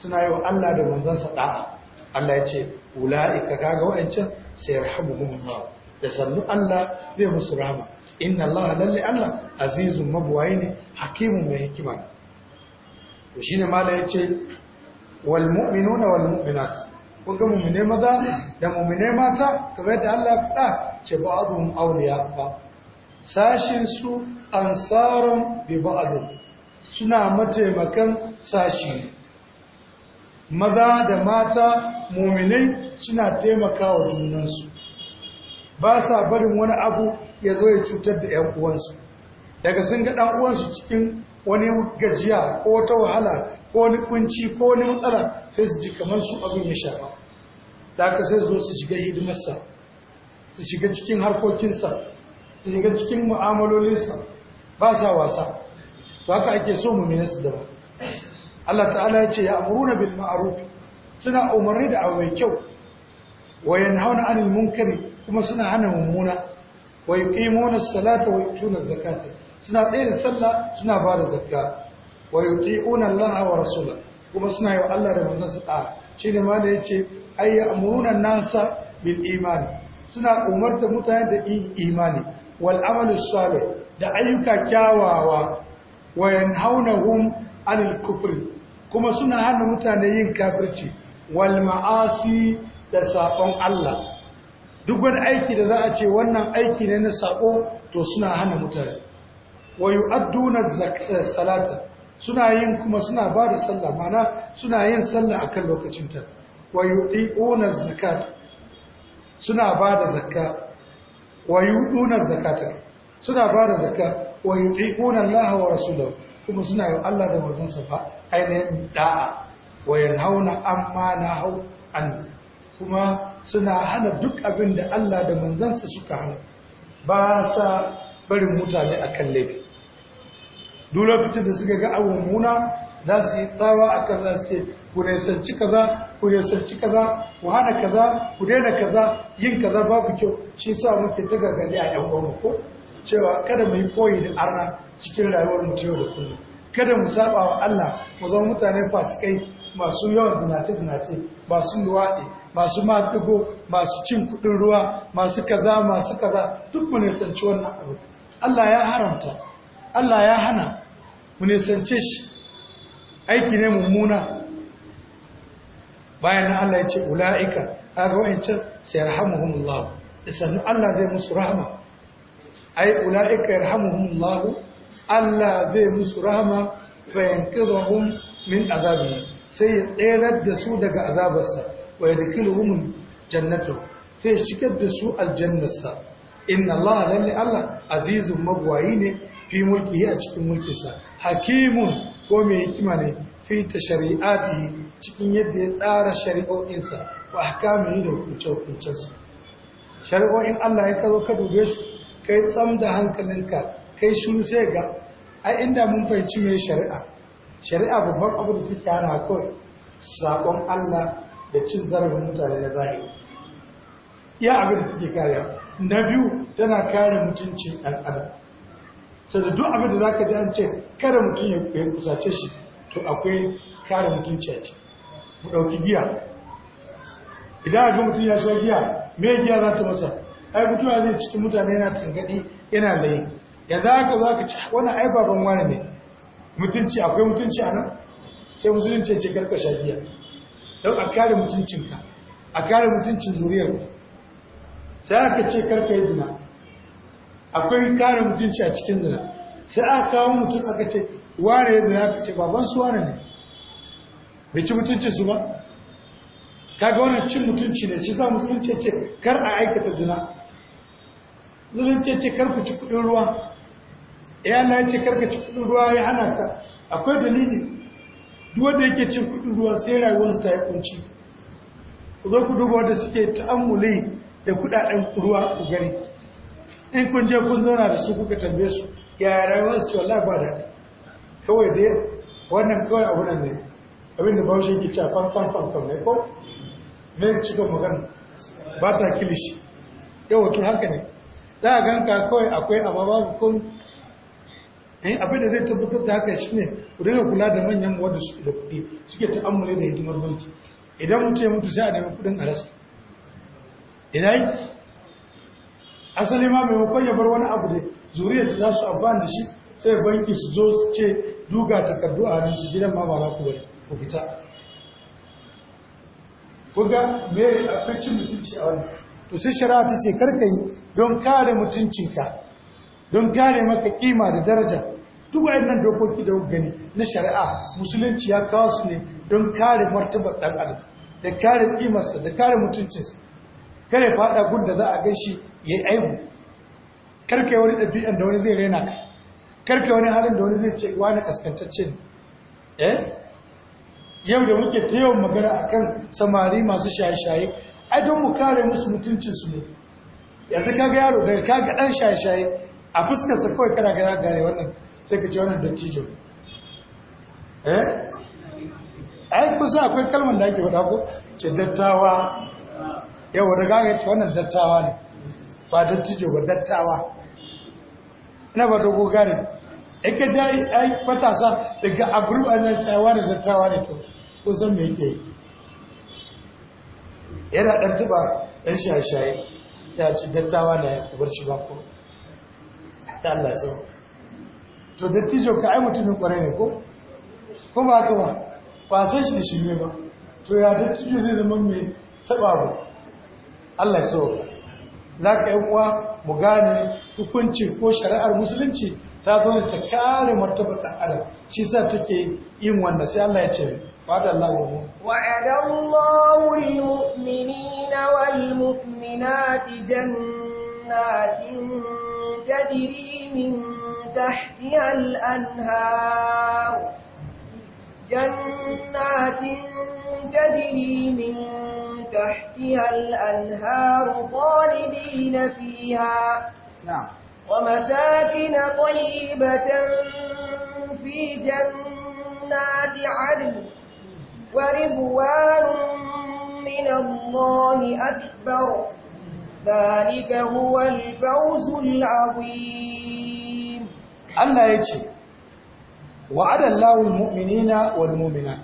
suna yi wa Allah da manzansa da'a Allah ya ce ulaika kaga wa'ancan sai yarhamuhumullah da sannu Allah zai musu rahama inna Allah lalle Allah azizun mabwayi ne hakimun mai hikima to shine mala yace wal mu'minuna wal mu'minat kun ga mu'mine maza da mu'mine mata kamar yadda Allah ya faɗa ce ba'adun auliya ba sashin su ansaron bi ba'adun suna mataimakan sashi maza da mata muminai suna taimakawa junansu ba sa barin wani abu ya zo ya cutar da 'yan uwansu daga sun ga ɗan uwansu cikin wani gajiya ko wata wahala ko wani kunci ko wani matsala sai su ji kamar su abin ya shafa da aka sai zo su shiga hidimarsa su shiga cikin harkokinsa su shiga cikin mu'amalolinsa ba sa wasa To haka ake so mu mene da ba. Allah ta'ala ya ce ya amuruna bil ma'ruf suna umarni da abu mai kyau wa yanhauna 'anil munkari kuma suna hana mummuna wa yuqimuna as-salata wa yu'tuna az-zakata suna tsaye da sallah suna ba da zakka wa yuti'una Allah wa rasula. kuma suna yi wa Allah da manzon su da'a shine ma da yace ayya amuruna nasa bil imani suna umarta mutane da imani wal amalu da ayyuka kyawawa wayan yanhaunahum anil kufri kuma suna hana mutane yin kafirci wal ma'asi da saɓon Allah duk wani aiki da za a ce wannan aiki ne na sako to suna hana mutane wayo addunar salata suna yin kuma suna ba da sallah mana suna yin sallah akan lokacinta wayo ɗi'onar zakat suna ba da zakka wa yuduna zakata suna ba da zakka wa yuqina Allah wa rasulahu kuma suna yi Allah da manzonsa fa ainihin da'a wa yanhauna amma hau an kuma suna hana duk abin da Allah da manzansa suka hana ba sa barin mutane akan laifi duk lokacin da suka ga abu muna za su yi tsawa a kan za su ce ku nesanci kaza ku nesanci kaza ku hana kaza ku daina kaza yin kaza ba ku kyau shi sa muke ta gargaɗi a yan gwamna ko cewa kada mu yi koyi da arna cikin rayuwar mu yau da kullum kada mu saba wa Allah mu zama mutane fasikai masu yawan dinace-dinace masu luwaɗe masu maɗigo masu cin kuɗin ruwa masu kaza masu kaza duk mu nesanci wannan abu Allah ya haramta Allah ya hana mu nisance shi aiki ne mummuna bayan Allah ya ce ula'ika a rawancin sai rahamuhumullahu sannu Allah zai musu rahama ai ula'ika yarhamuhumullahu Allah zai musu rahama fayankizuhum min azabin. sai ya tsayar da su daga azabarsa wa hunun jannatu sai shigar da su aljannarsa inna Allah lalle Allah azizun magwayi ne fi mulki a cikin mulkinsa hakimun ko mai hikima ne fi ta shari'ati cikin yadda ya tsara shari'o'insa wa hakami da hukunce-hukuncensa shari'o'in Allah ya tsaro ka dube su kai tsam da hankalinka kai shuru sai ga a inda mun fahimci mai shari'a shari'a babban abu da take hana kawai sabon Allah da cin zarafin mutane na zahiri iya abin da take kariya na biyu tana kare mutuncin ɗan sai da duk abin da ka ji an ce kada mutum ya kusace shi to akwai kare mutunci a ce mu ɗauki giya idan a ga mutum ya sha giya me giya za ta masa ai mutum ya zai cikin mutane yana tangadi yana layi za ka za ka ci wani ai baban wani ne mutunci akwai mutunci a nan sai musulunci ce karka sha giya don a kare mutuncinka a kare mutuncin zuriyarka sai aka ce karka yi dina akwai kare mutunci a cikin zina sai aka kawo mutum aka ce ware ya zina ce baban su wane ne bai ci mutuncin su ba kaga wannan cin mutunci ne shi mu musulunci ce kar a aikata zina musulunci ce kar ku ci kudin ruwa ya na ya ce kar ka ci kudin ruwa ya hana ka akwai dalili duwa da yake cin kudin ruwa sai rayuwarsa ta yi kunci ku zo ku duba wanda suke ta'ammuli da kudaden ruwa ku gani in kun je kun zauna da su kuka tambaye su ya rayuwar su ce wallahi ba da kawai dai wannan kawai abu nan ne abin da bahaushe ke ce fan fan fan fan ne ko ne ci ga magana ba ta kilishi yau tun haka ne za a ganka kawai akwai a babu kun in eh, abin da zai tabbatar da haka shine ku dinga kula da manyan wanda su da kuɗi suke ta'ammule da hidimar banki idan mutum ya mutu sai a nemi kuɗin a rasa idan asali ma maimakon ya bar wani abu da su za su amfani da shi sai banki su zo su ce duga takardu a hannun su gidan ma ba za ku bari ku fita kuga me mutunci a wani to sai shari'a ta ce ka yi don kare mutuncinka don kare maka kima da daraja duk waɗannan dokoki da gani na shari'a musulunci ya kawo su ne don kare martabar ɗan adam da kare kimarsa da kare mutuncinsa kare fada gun da za a gan shi ya yi aibu karfe wani ɗabi'an da wani zai rena ka karfe wani halin da wani zai ce wani kaskantacce ne eh? yau da muke ta yawan magana akan samari masu shaye-shaye ai don mu kare musu mutuncinsu ne yanzu kaga yaro daga kaga ɗan shaye-shaye a fuskarsa kawai kana gara gare wannan sai ka ce wannan dattijo eh ai kusa akwai kalmar da ake faɗa ko ce dattawa yau da gaga ce wannan dattawa ne ba dattijo ba dattawa ina ba da goga ne in ka ja ai matasa daga agru a nan tsayawa da dattawa ne to ko san me yake yana dan tuba dan shaye-shaye ya ci dattawa na ya kubar shi ba ko ta Allah so to dattijo ka ai mutumin kwarai ne ko ko ba haka ba ba san shi da shi ne ba to ya dattijo zai zama mai taba ba Allah so za ka yi uwa mu gane hukunci ko shari'ar musulunci ta zo ta kare martabar ɗan adam shi sa take yin wanda sai Allah ya ce fata Allah ya mu wa'ada Allahu al-mu'minina wal-mu'minati jannatin tajri min tahtiha al-anhar jannatin tajri min تحتها الأنهار خالدين فيها نعم ومساكن طيبة في جنات عدن ورضوان من الله أكبر ذلك هو الفوز العظيم الله يجي وعد الله المؤمنين والمؤمنات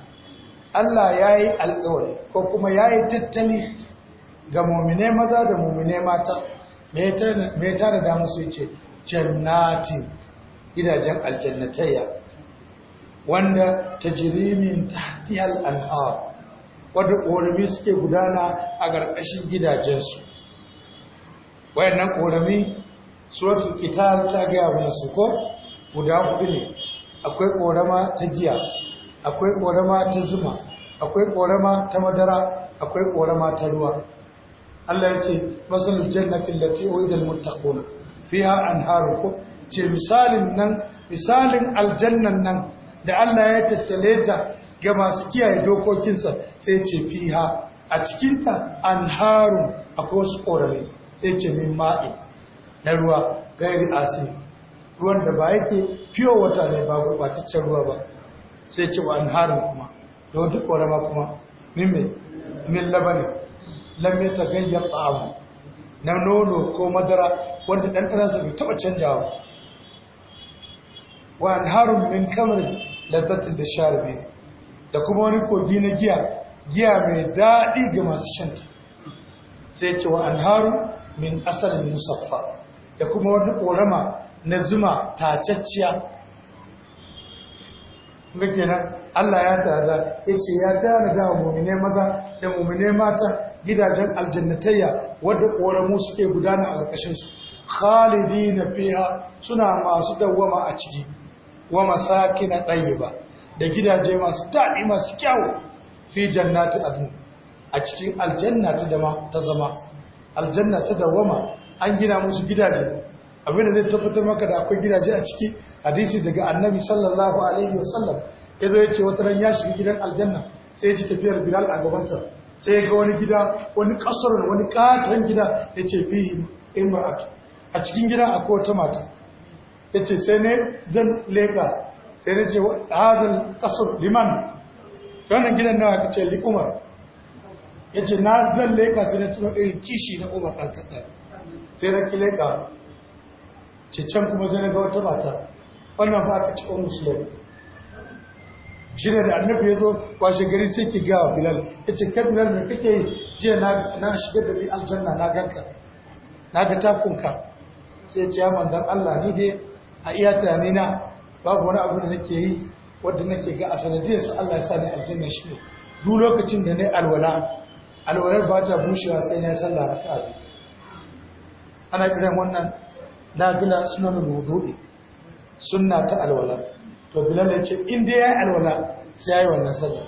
Allah ya yi alƙawari ko kuma ya yi tattali ga mummune maza da mummune mata mai tara da musu yake jannatin gidajen aljannatayya wanda ta jirimin tahtiyar anhar wadda ƙorami suke gudana a ƙarƙashin gidajensu wayannan ƙorami suratul ita ta gaya wani su ko guda hudu ne akwai ƙorama ta giya akwai ƙorama ta zuma akwai ƙorama ta madara akwai ƙorama ta ruwa Allah ya ce masalul jannatin lati uidal muttaquna fiha anharukum ce misalin nan misalin aljannan nan da Allah ya tattale ta ga masu kiyaye dokokinsa sai ce fiha a cikinta anharu akwai wasu ƙorare sai ce min ma'i na ruwa gairi asiri ruwan da ba yake fiyo wata ne ba gurɓataccen ruwa ba sai ce wa anharin kuma da wata ƙorama kuma min min labarin lamme ta gayyar ba'amu na nono ko madara wanda ɗanɗanansa bai taɓa canjawa wa anharin min kamar lazzatin da sharabi da kuma wani kogi na giya giya mai daɗi ga masu shanta sai ce wa anharin min asalin musaffa da kuma wani ƙorama na zuma tacacciya ga kenan Allah ya tada ya ce ya tana da mummune maza da mummune mata gidajen aljannatayya wadda ƙoramu suke gudana a ƙarƙashinsu khalidi na suna masu dawwama a ciki wa masakina na da gidaje masu daɗi masu kyau fi jannati adu a cikin aljannati da ta zama aljannati dawwama an gina musu gidaje abinda zai tabbatar maka da akwai gidaje a ciki hadisi daga annabi sallallahu alaihi wasallam ya zo ya ce wata ran ya shiga gidan aljanna sai ya ci tafiyar bilal a gabansa sai ga wani gida wani kasar wani katon gida ya ce fihi imra'atu a cikin gida akwai wata mata ya ce sai ne zan leƙa sai ne ce hadal kasar liman wannan gidan nawa ka ce li umar ya ce na zan leƙa sai na tuno irin kishi na umar ɗan sai na ki leƙa ciccan kuma zai ga wata mata wannan ba ka cikin musulun shi ne da annabi ya zo kwashe gari sai ki gawa bilal ya ce kai bilal me kake jiya na shiga da ni aljanna na ganka na ga takunka sai ce ya manzan Allah ni dai a iya tunani na babu wani abu da nake yi wadda nake ga a sanadiyar su Allah ya sa ni aljanna shi ne duk lokacin da na alwala alwalar ba ta bushewa sai na yi sallah raka'a ana kiran wannan Na nafila sunan rudu'i suna ta alwala to bilal ya ce inda ya yi alwala sai ya yi wannan sallah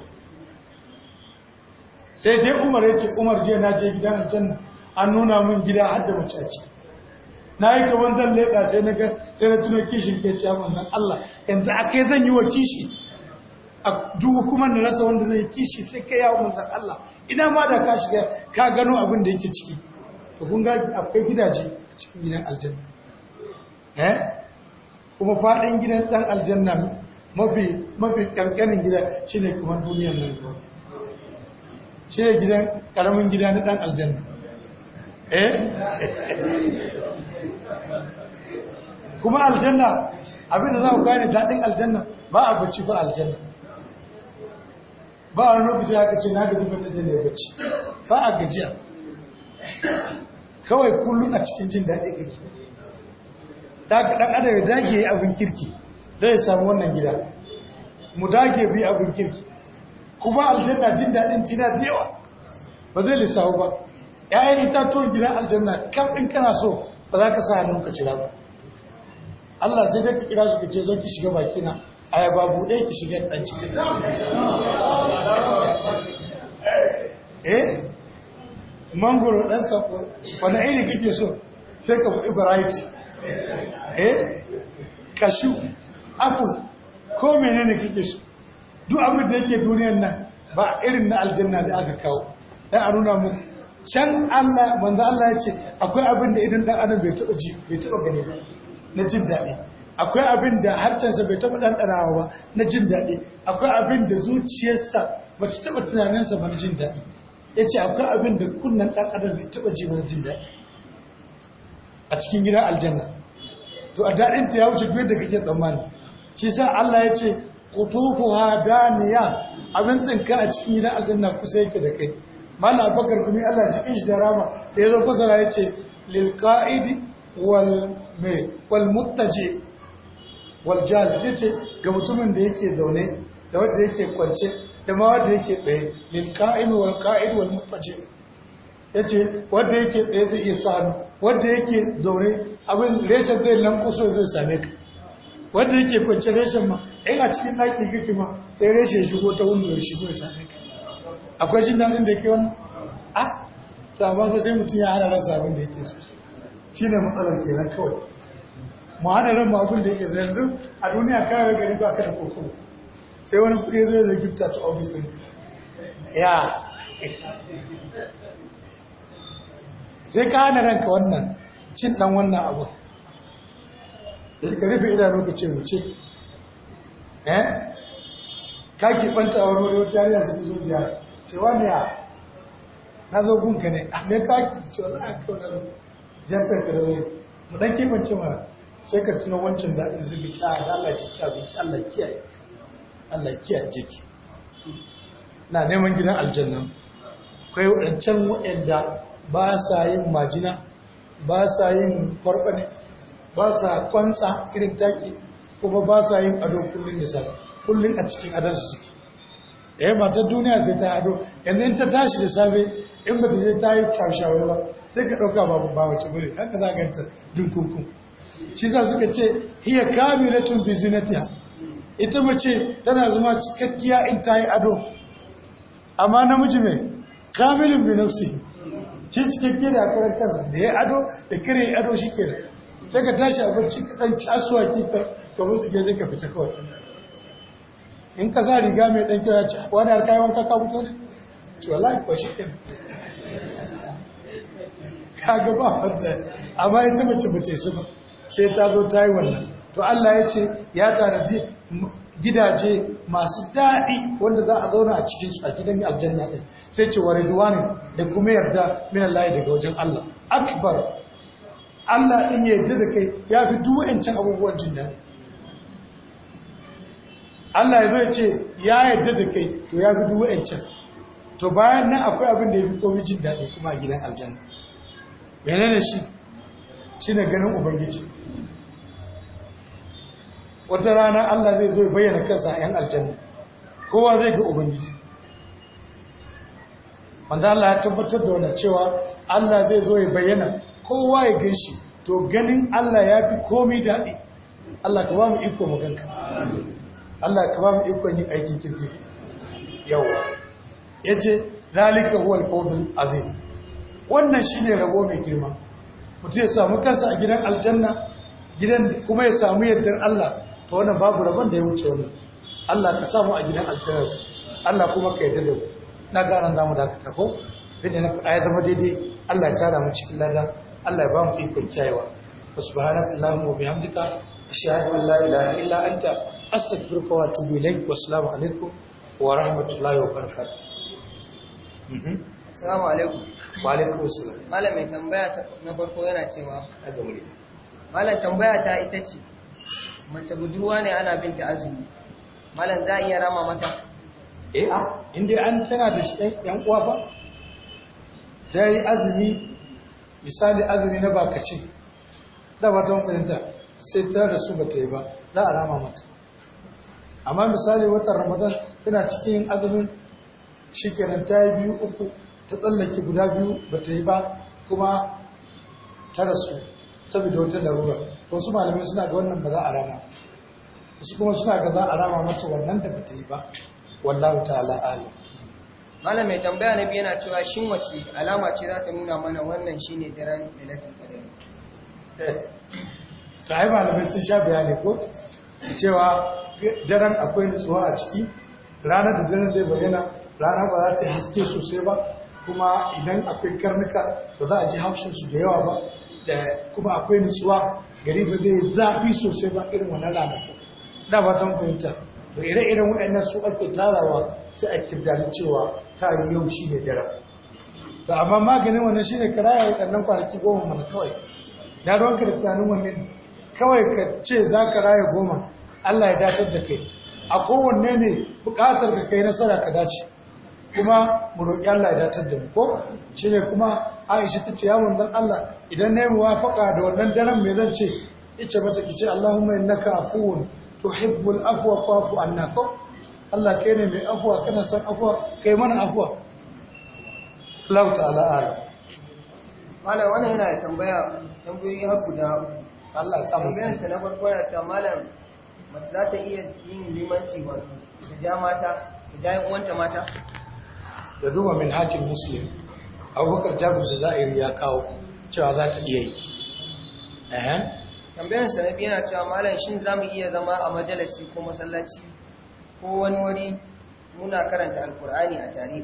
sai dai umar ya ce umar je na je gidan can an nuna min gida har da mace a ciki na yi gaban zan leƙa sai na ga sai na tuno kishin ke ce amma nan Allah yanzu a kai zan yi wa kishi a duk kuma na rasa wanda zai kishi sai ka ya umar Allah ina ma da ka shiga ka gano abin da yake ciki to kun ga akwai gidaje a cikin gidan aljanna Eh? kuma faɗin gidan ɗan aljanna mafi mafi kankanin gida shi ne kuma duniyar nan zuwa shi ne gidan ƙaramin gida na ɗan aljanna eh kuma aljanna da za ku gane daɗin aljanna ba a bacci ba aljanna ba a lokaci ya ce na gaji da ta yi bacci ba a gajiya kawai kullum a cikin jin daɗi kake dan adam ya dage yi abin kirki don ya samu wannan gida mu dage bi abin kirki kuma aljanna jin daɗin tina da yawa ba zai lissawo ba ‘ya'yan itatuwan gidan aljanna kan ɗin kana so ba za ka sa hannun ka cira ba Allah sai ka kira su ka ce zo ki shiga bakina a yaba buɗe ki shiga ɗan cikin eh mangoro ɗan sako wani iri kake so sai ka buɗe variety Eh? kashu apple ko menene kike shi duk abin da yake duniyar nan ba irin na aljanna da aka kawo dan a nuna mu? can Allah manzo Allah ya ce akwai abin da idan dan adam bai taba ji bai taba gani ba na jin daɗi akwai abin da harcensa bai taba ɗanɗanawa ba na jin daɗi akwai abin da zuciyarsa ba ta taba tunaninsa ba na jin daɗi yace akwai abin da kunnan dan adam bai taba ji ba na jin daɗi a cikin gidan aljanna to a daɗinta ya wuce duk da kake tsammani shi sa Allah ya ce ha daniya abin tsinka a cikin gidan aljanna kusa yake da kai Mana bakar kuma Allah cikin shi da rama da ya zo fasara ya ce lil qa'idi wal me wal muttaji wal ce ga mutumin da yake zaune da wanda yake kwance da ma wanda yake tsaye lil qa'imi wal qa'id wal muttaji yace wanda yake tsaye zai iya sa wanda yake zaune abin reshen zai lankuso zai same ka wanda yake kwanci reshen ma yana cikin ɗaki kake ma sai reshen shigo ta wundu ya shigo ya same ka akwai jin daɗin da ke wani. a to ka sai mutum ya hana rasa abin da yake so shi ne matsalar kenan kawai mu hana ran ma abin da yake zai yanzu a duniya kawai gari ba ka da koko. sai wani kuɗi zai zai gifta ta ofis ɗin ya sai ka hana ranka wannan cin ɗan wannan abu ka rufe idanu ka ce wuce eh ka ke banta a wani wata yariya su zo ziyara ce wani ya na zo gunka ne a ah, ne ka ki ce wani aka wani abu ziyartar ka da wani mu dan kimance ma sai ka tuna wancan daɗin zai ka ah, ci a Allah ki kiyaye Allah kiyaye Allah kiyaye jiki na neman gidan aljanna akwai waɗancan waɗanda ba sa yin majina ba sa yin kwarɓane ba sa kwansa irin taki kuma ba sa yin ado kullum da safe kullum a cikin adon su suke ɗaya eh, ba ta duniya sai ta ado yanzu in ta tashi da safe in ba ta je ta yi kyaushawar ba sai ka ɗauka babu ba wace gure an za ganta dunkunkun shi za suka ce hiya kamilatun bi zinatiha ita mace tana zama cikakkiya in ta yi ado amma namiji mai kamilin bi nafsihi cikin cikakke da akwai kansa da ya ado da kare ya ado shi kenan sai ka tashi a barci ka dan casuwa ki ka ka mutu ke ka fita kawai in ka sa riga mai dan kyau ya ci wani har kayan wanka ka fito to wallahi ko shi kenan ka ga ba wanda amma ita mace ba ta ba sai ta zo ta yi wannan to Allah ya ce ya tarafi gidaje masu daɗi wanda za a zauna a cikin su a gidan aljanna ɗin sai ce wa ridwanin da kuma yarda min Allah daga wajen Allah akbar Allah ya yarda da kai ya fi duk wa'ancan abubuwan jin daɗi Allah ya zai ce ya yarda da kai to ya fi duk wa'ancan to bayan nan akwai abin da ya fi komi jin daɗi kuma a gidan aljanna menene shi shine ganin ubangiji wata rana Allah zai zo bayyana kansa a 'yan aljanna kowa zai ga ubangiji wanda Allah ya tabbatar da wannan cewa Allah zai zo ya bayyana kowa ya gan shi to ganin Allah ya fi komai daɗi Allah ka ba mu iko mu ganka Allah ka ba mu iko yin aikin kirki yawa yace zalika huwal fawzul azim wannan shine rabo mai girma mutum ya samu kansa a gidan aljanna gidan kuma ya samu yardar Allah to wannan babu rabon da ya wuce wani, Allah ka samu a gidan aljanna Allah kuma ka yarda da mu na ga ran zamu dakata ko bin na ya zama daidai Allah ya tara mu cikin lada Allah ya ba mu ikon kiyayewa subhanakallahumma wa bihamdika ashhadu an la ilaha illa anta astaghfiruka wa atubu ilaik wa assalamu alaikum wa rahmatullahi wa barakatuh mhm. assalamu alaikum wa alaikum assalam malam tambaya na farko yana cewa malam tambaya ta ita ce mace budurwa ne ana binta azumi malam za a iya rama mata eh a ah, inda an tana da shi ɗan eh, uwa ba ta yi azumi misali azumi na bakacin da ba ta fahimta sai ta rasu ba ta yi ba za a rama mata amma misali wata ramadan tana cikin azumin shekaran ta yi biyu uku ta tsallake guda biyu ba ta yi ba kuma ta rasu saboda wata larura wasu malamai suna ga wannan ba za a rama wasu kuma suna ga za a rama mata wannan da bata yi ba wallahu ta'ala alim malam mai tambaya na biyu yana cewa shin wace alama ce za ta nuna mana wannan shine daren latin kadari sai eh, malamai sun sha bayani ko cewa daren akwai nutsuwa a ciki ranar da daren zai bayyana rana ba za ta haske sosai ba kuma idan akwai karnuka ba za a ji haushinsu da yawa ba da kuma akwai nutsuwa gari ba zai zafi sosai ba irin wannan da na ta fahimta to ire-iren waɗannan su ake tarawa sai a kirdali cewa ta yi yau shi ne dara. to amma maganin wannan shi ne kara ya waɗannan kwanaki goma mana kawai na ruwan ka da tunanin wannan kawai ka ce za ka raya goma Allah ya datar da kai a kowanne ne buƙatar ka kai nasara ka dace kuma mu roƙi Allah ya datar da mu ko shine kuma Aisha ta ce ya manzon Allah idan na yi muwafaka da wannan daren me zan ce ita mata ki ce Allahumma innaka afuwun tuhibbul afwa fa'fu anna ko Allah kai ne mai afwa kana son afwa kai mana afwa Allah ta'ala ala malam wannan yana tambaya tambayoyi har guda Allah ya samu sai na farko ya ta malam mace za ta iya yin limanci wato da ja mata da ja uwanta mata da duba min hajjin muslim abubakar jabir da za'iri ya kawo cewa za ta iya yi tambayan sa na yana cewa malar shi za mu iya zama a majalasi ko masallaci ko wani wani. muna karanta alkur'ani a tare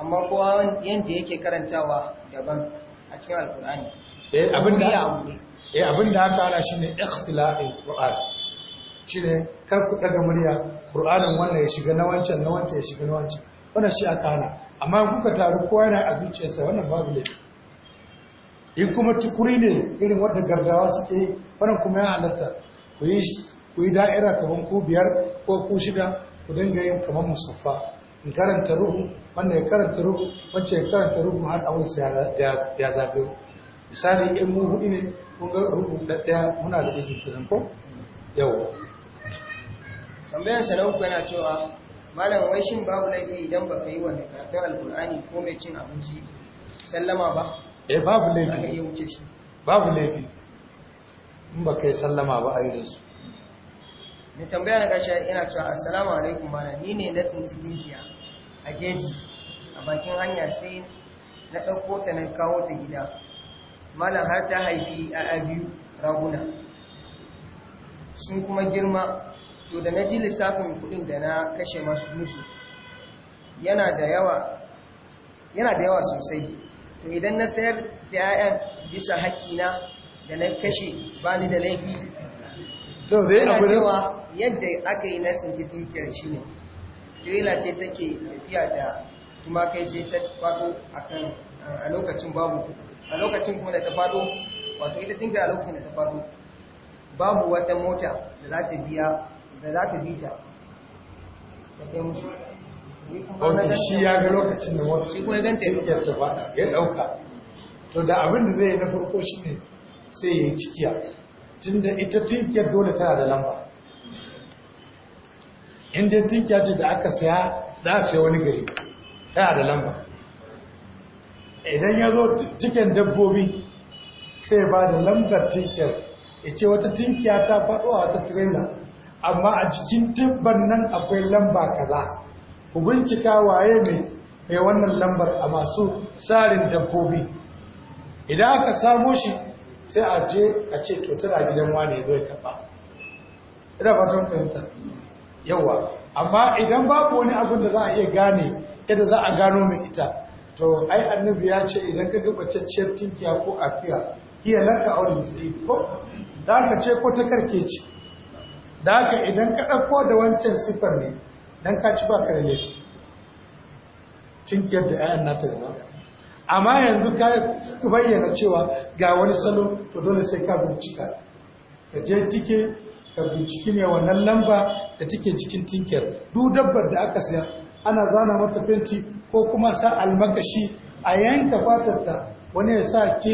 amma kowa yadda yake karantawa daban a cikin alkur'ani eh abin da haka eh, ana shine ikhtilafin qur'an shine kar karku daga murya qur'anin wannan ya shiga na wancan na wancan ya shiga na wancan wannan shi a hana amma kuka taru kowa yana a zuciyarsa wannan babu ne. in kuma tukuri ne irin wata gargawa suke wannan kuma ya halatta ku yi ku yi da'ira kaman ku biyar ko ku shida ku dinga yin kamar musaffa in karanta ruhu wannan ya karanta ruhu wacce ya karanta ruhu har a wasu ya zaɓe. misali in mu hudu ne kun ga ruhu ɗaya muna da izin kiran ko yau tambayar sa na uku yana cewa malam wai shin babu laifi idan ba ka yi wa karatun alkur'ani ko mai cin abinci sallama ba eh babu laifi aka iya wuce shi babu laifi in ba kai sallama ba a irinsu. mai tambaya na gashi ina cewa assalamu alaikum mana ni ne na tsinci dinkiya a jeji a bakin hanya sai na ɗauko ta na kawo ta gida malam har ta haifi a biyu raguna sun kuma girma to da na ji lissafin kudin da na kashe masu musu yana da yawa sosai to idan na sayar da 'ya'yan bisa hakina da na kashe ba ni da laifi yana cewa yadda aka yi na tsinci tunkiyar shi ne tirela ce take tafiya da kuma kai sai ta faɗo a lokacin babu a lokacin kuma da ta faɗo wato ita tunkiyar a lokacin da ta faɗo babu wata mota da za ta biya da za ka bi ta da ke mushi wanda shi ya ga lokacin da wata shi kuma ganta ya ta ya dauka to da abin da zai na farko shi ne sai ya yi cikiya tunda ita tinkiyar dole tana da lamba inda tinkiya ce da aka saya za a kai wani gari tana da lamba idan ya zo cikin dabbobi sai ba da lambar tinkiyar ya ce wata tinkiya ta faɗo a wata trailer amma a cikin tibban nan akwai lamba kaza ku bincika waye ne mai wannan lambar a masu sarin dabbobi idan aka samo shi sai a je a ce to tana gidan wani ya zo ya karba ina fatan fahimta yawa amma idan babu wani abin da za a iya gane yadda za a gano mai ita to ai annabi ya ce idan ka ga bacacciyar tinkiya ko afiya iya laka aure sai ko za ka ce ko ta karkeci da haka idan ka ɗauko da wancan siffar ne don ka ci ba ka da laifi cinkiyar da ayan nata yana amma yanzu ka bayyana cewa ga wani salo to dole sai ka bincika ka je tike ka binciki ne wannan lamba da tike cikin tinkiyar duk dabbar da aka siya ana zana mata fenti ko kuma sa almakashi a yanka fatarta wani ya sa ka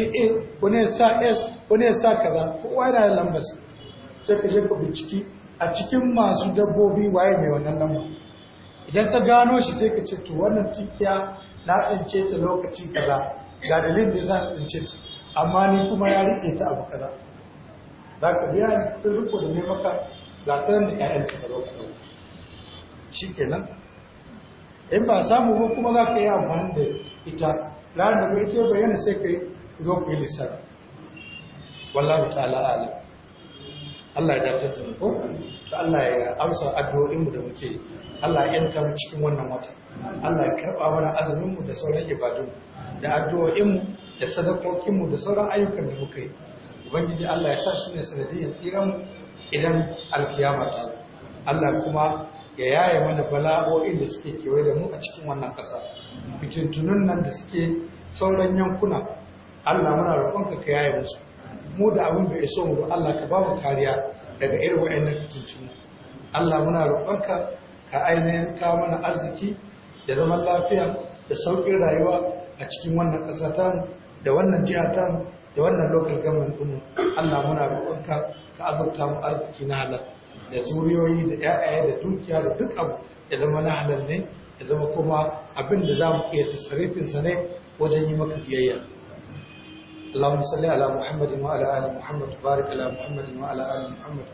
wani ya sa s wani ya sa kaza kowa yana lambar sai ka je ka binciki a cikin masu dabbobi waye mai wannan lamba idan ka gano shi sai ka ce to wannan tikiya na tsince ta lokaci kaza ga dalilin da zan tsince ta amma ni kuma ya rike ta abu kaza za ka biya ni riko da ne maka ga ta da ƴaƴan ta kaza Shi kenan. in ba samu ba kuma za ka yi amfani da ita ranar da ita bayyana sai ka zo ku yi lissafi wallahu ta'ala alim Allah ya dace da ko to Allah ya amsa addu'o'in mu da muke Allah ya yanta mu cikin wannan wata Allah ya karba mana azumin mu da sauran ibadu da addu'o'in mu da sadakokin mu da sauran ayyukan da muke yi ubangiji Allah ya sa su ne sanadiyar tsiran idan alkiyama ta Allah kuma ya yaye mana bala'o'in da suke kewaye da mu a cikin wannan ƙasa fitintunan nan da suke sauran yankuna Allah muna roƙonka ka yaye musu mu da abin ya so mu Allah ka ba mu kariya daga irin wa'annan fitintunu Allah muna roƙonka ka ainihin ka mana arziki da zaman lafiya da sauƙin rayuwa a cikin wannan ƙasa da wannan jiha ta da wannan local government ɗinmu Allah muna roƙonka ka azurta mu arziki na halal da zuriyoyi da ƴaƴaye da dukiya da duk abu ya zama na halal ne ya zama kuma abin da za mu iya sa ne wajen yi maka biyayya اللهم صل على محمد وعلى آل محمد وبارك على محمد وعلى آل محمد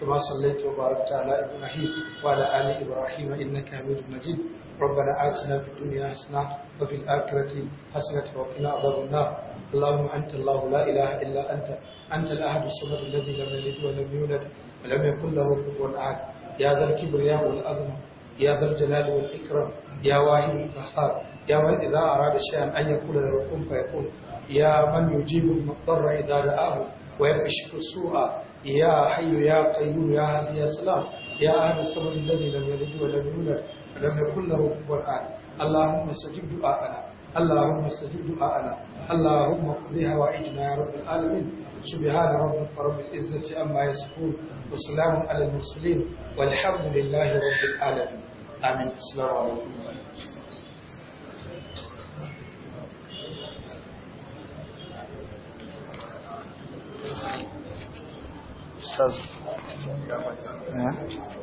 كما صليت وباركت على إبراهيم وعلى آل إبراهيم إنك حميد مجيد ربنا آتنا في الدنيا حسنة وفي الآخرة حسنة وقنا عذاب النار اللهم أنت الله لا إله إلا أنت أنت الأحد الصمد الذي لم يلد ولم يولد ولم يكن له كفوا أحد يا ذا الكبرياء والعظمة يا ذا الجلال والإكرام يا واحد القهار يا من إذا أراد شيئا أن يقول له كن فيكون يا من يجيب المضطر إذا دعاه ويكشف السوء يا حي يا قيوم يا هادي يا سلام يا أهل الصبر الذي لم يلد ولم يولد ولم يكن له كفوا أحد اللهم استجب دعاءنا اللهم استجب دعاءنا اللهم اقضها وعجنا يا رب العالمين سبحان ربك رب العزة عما يصفون وسلام على المرسلين والحمد لله رب العالمين آمين السلام عليكم Essas, né?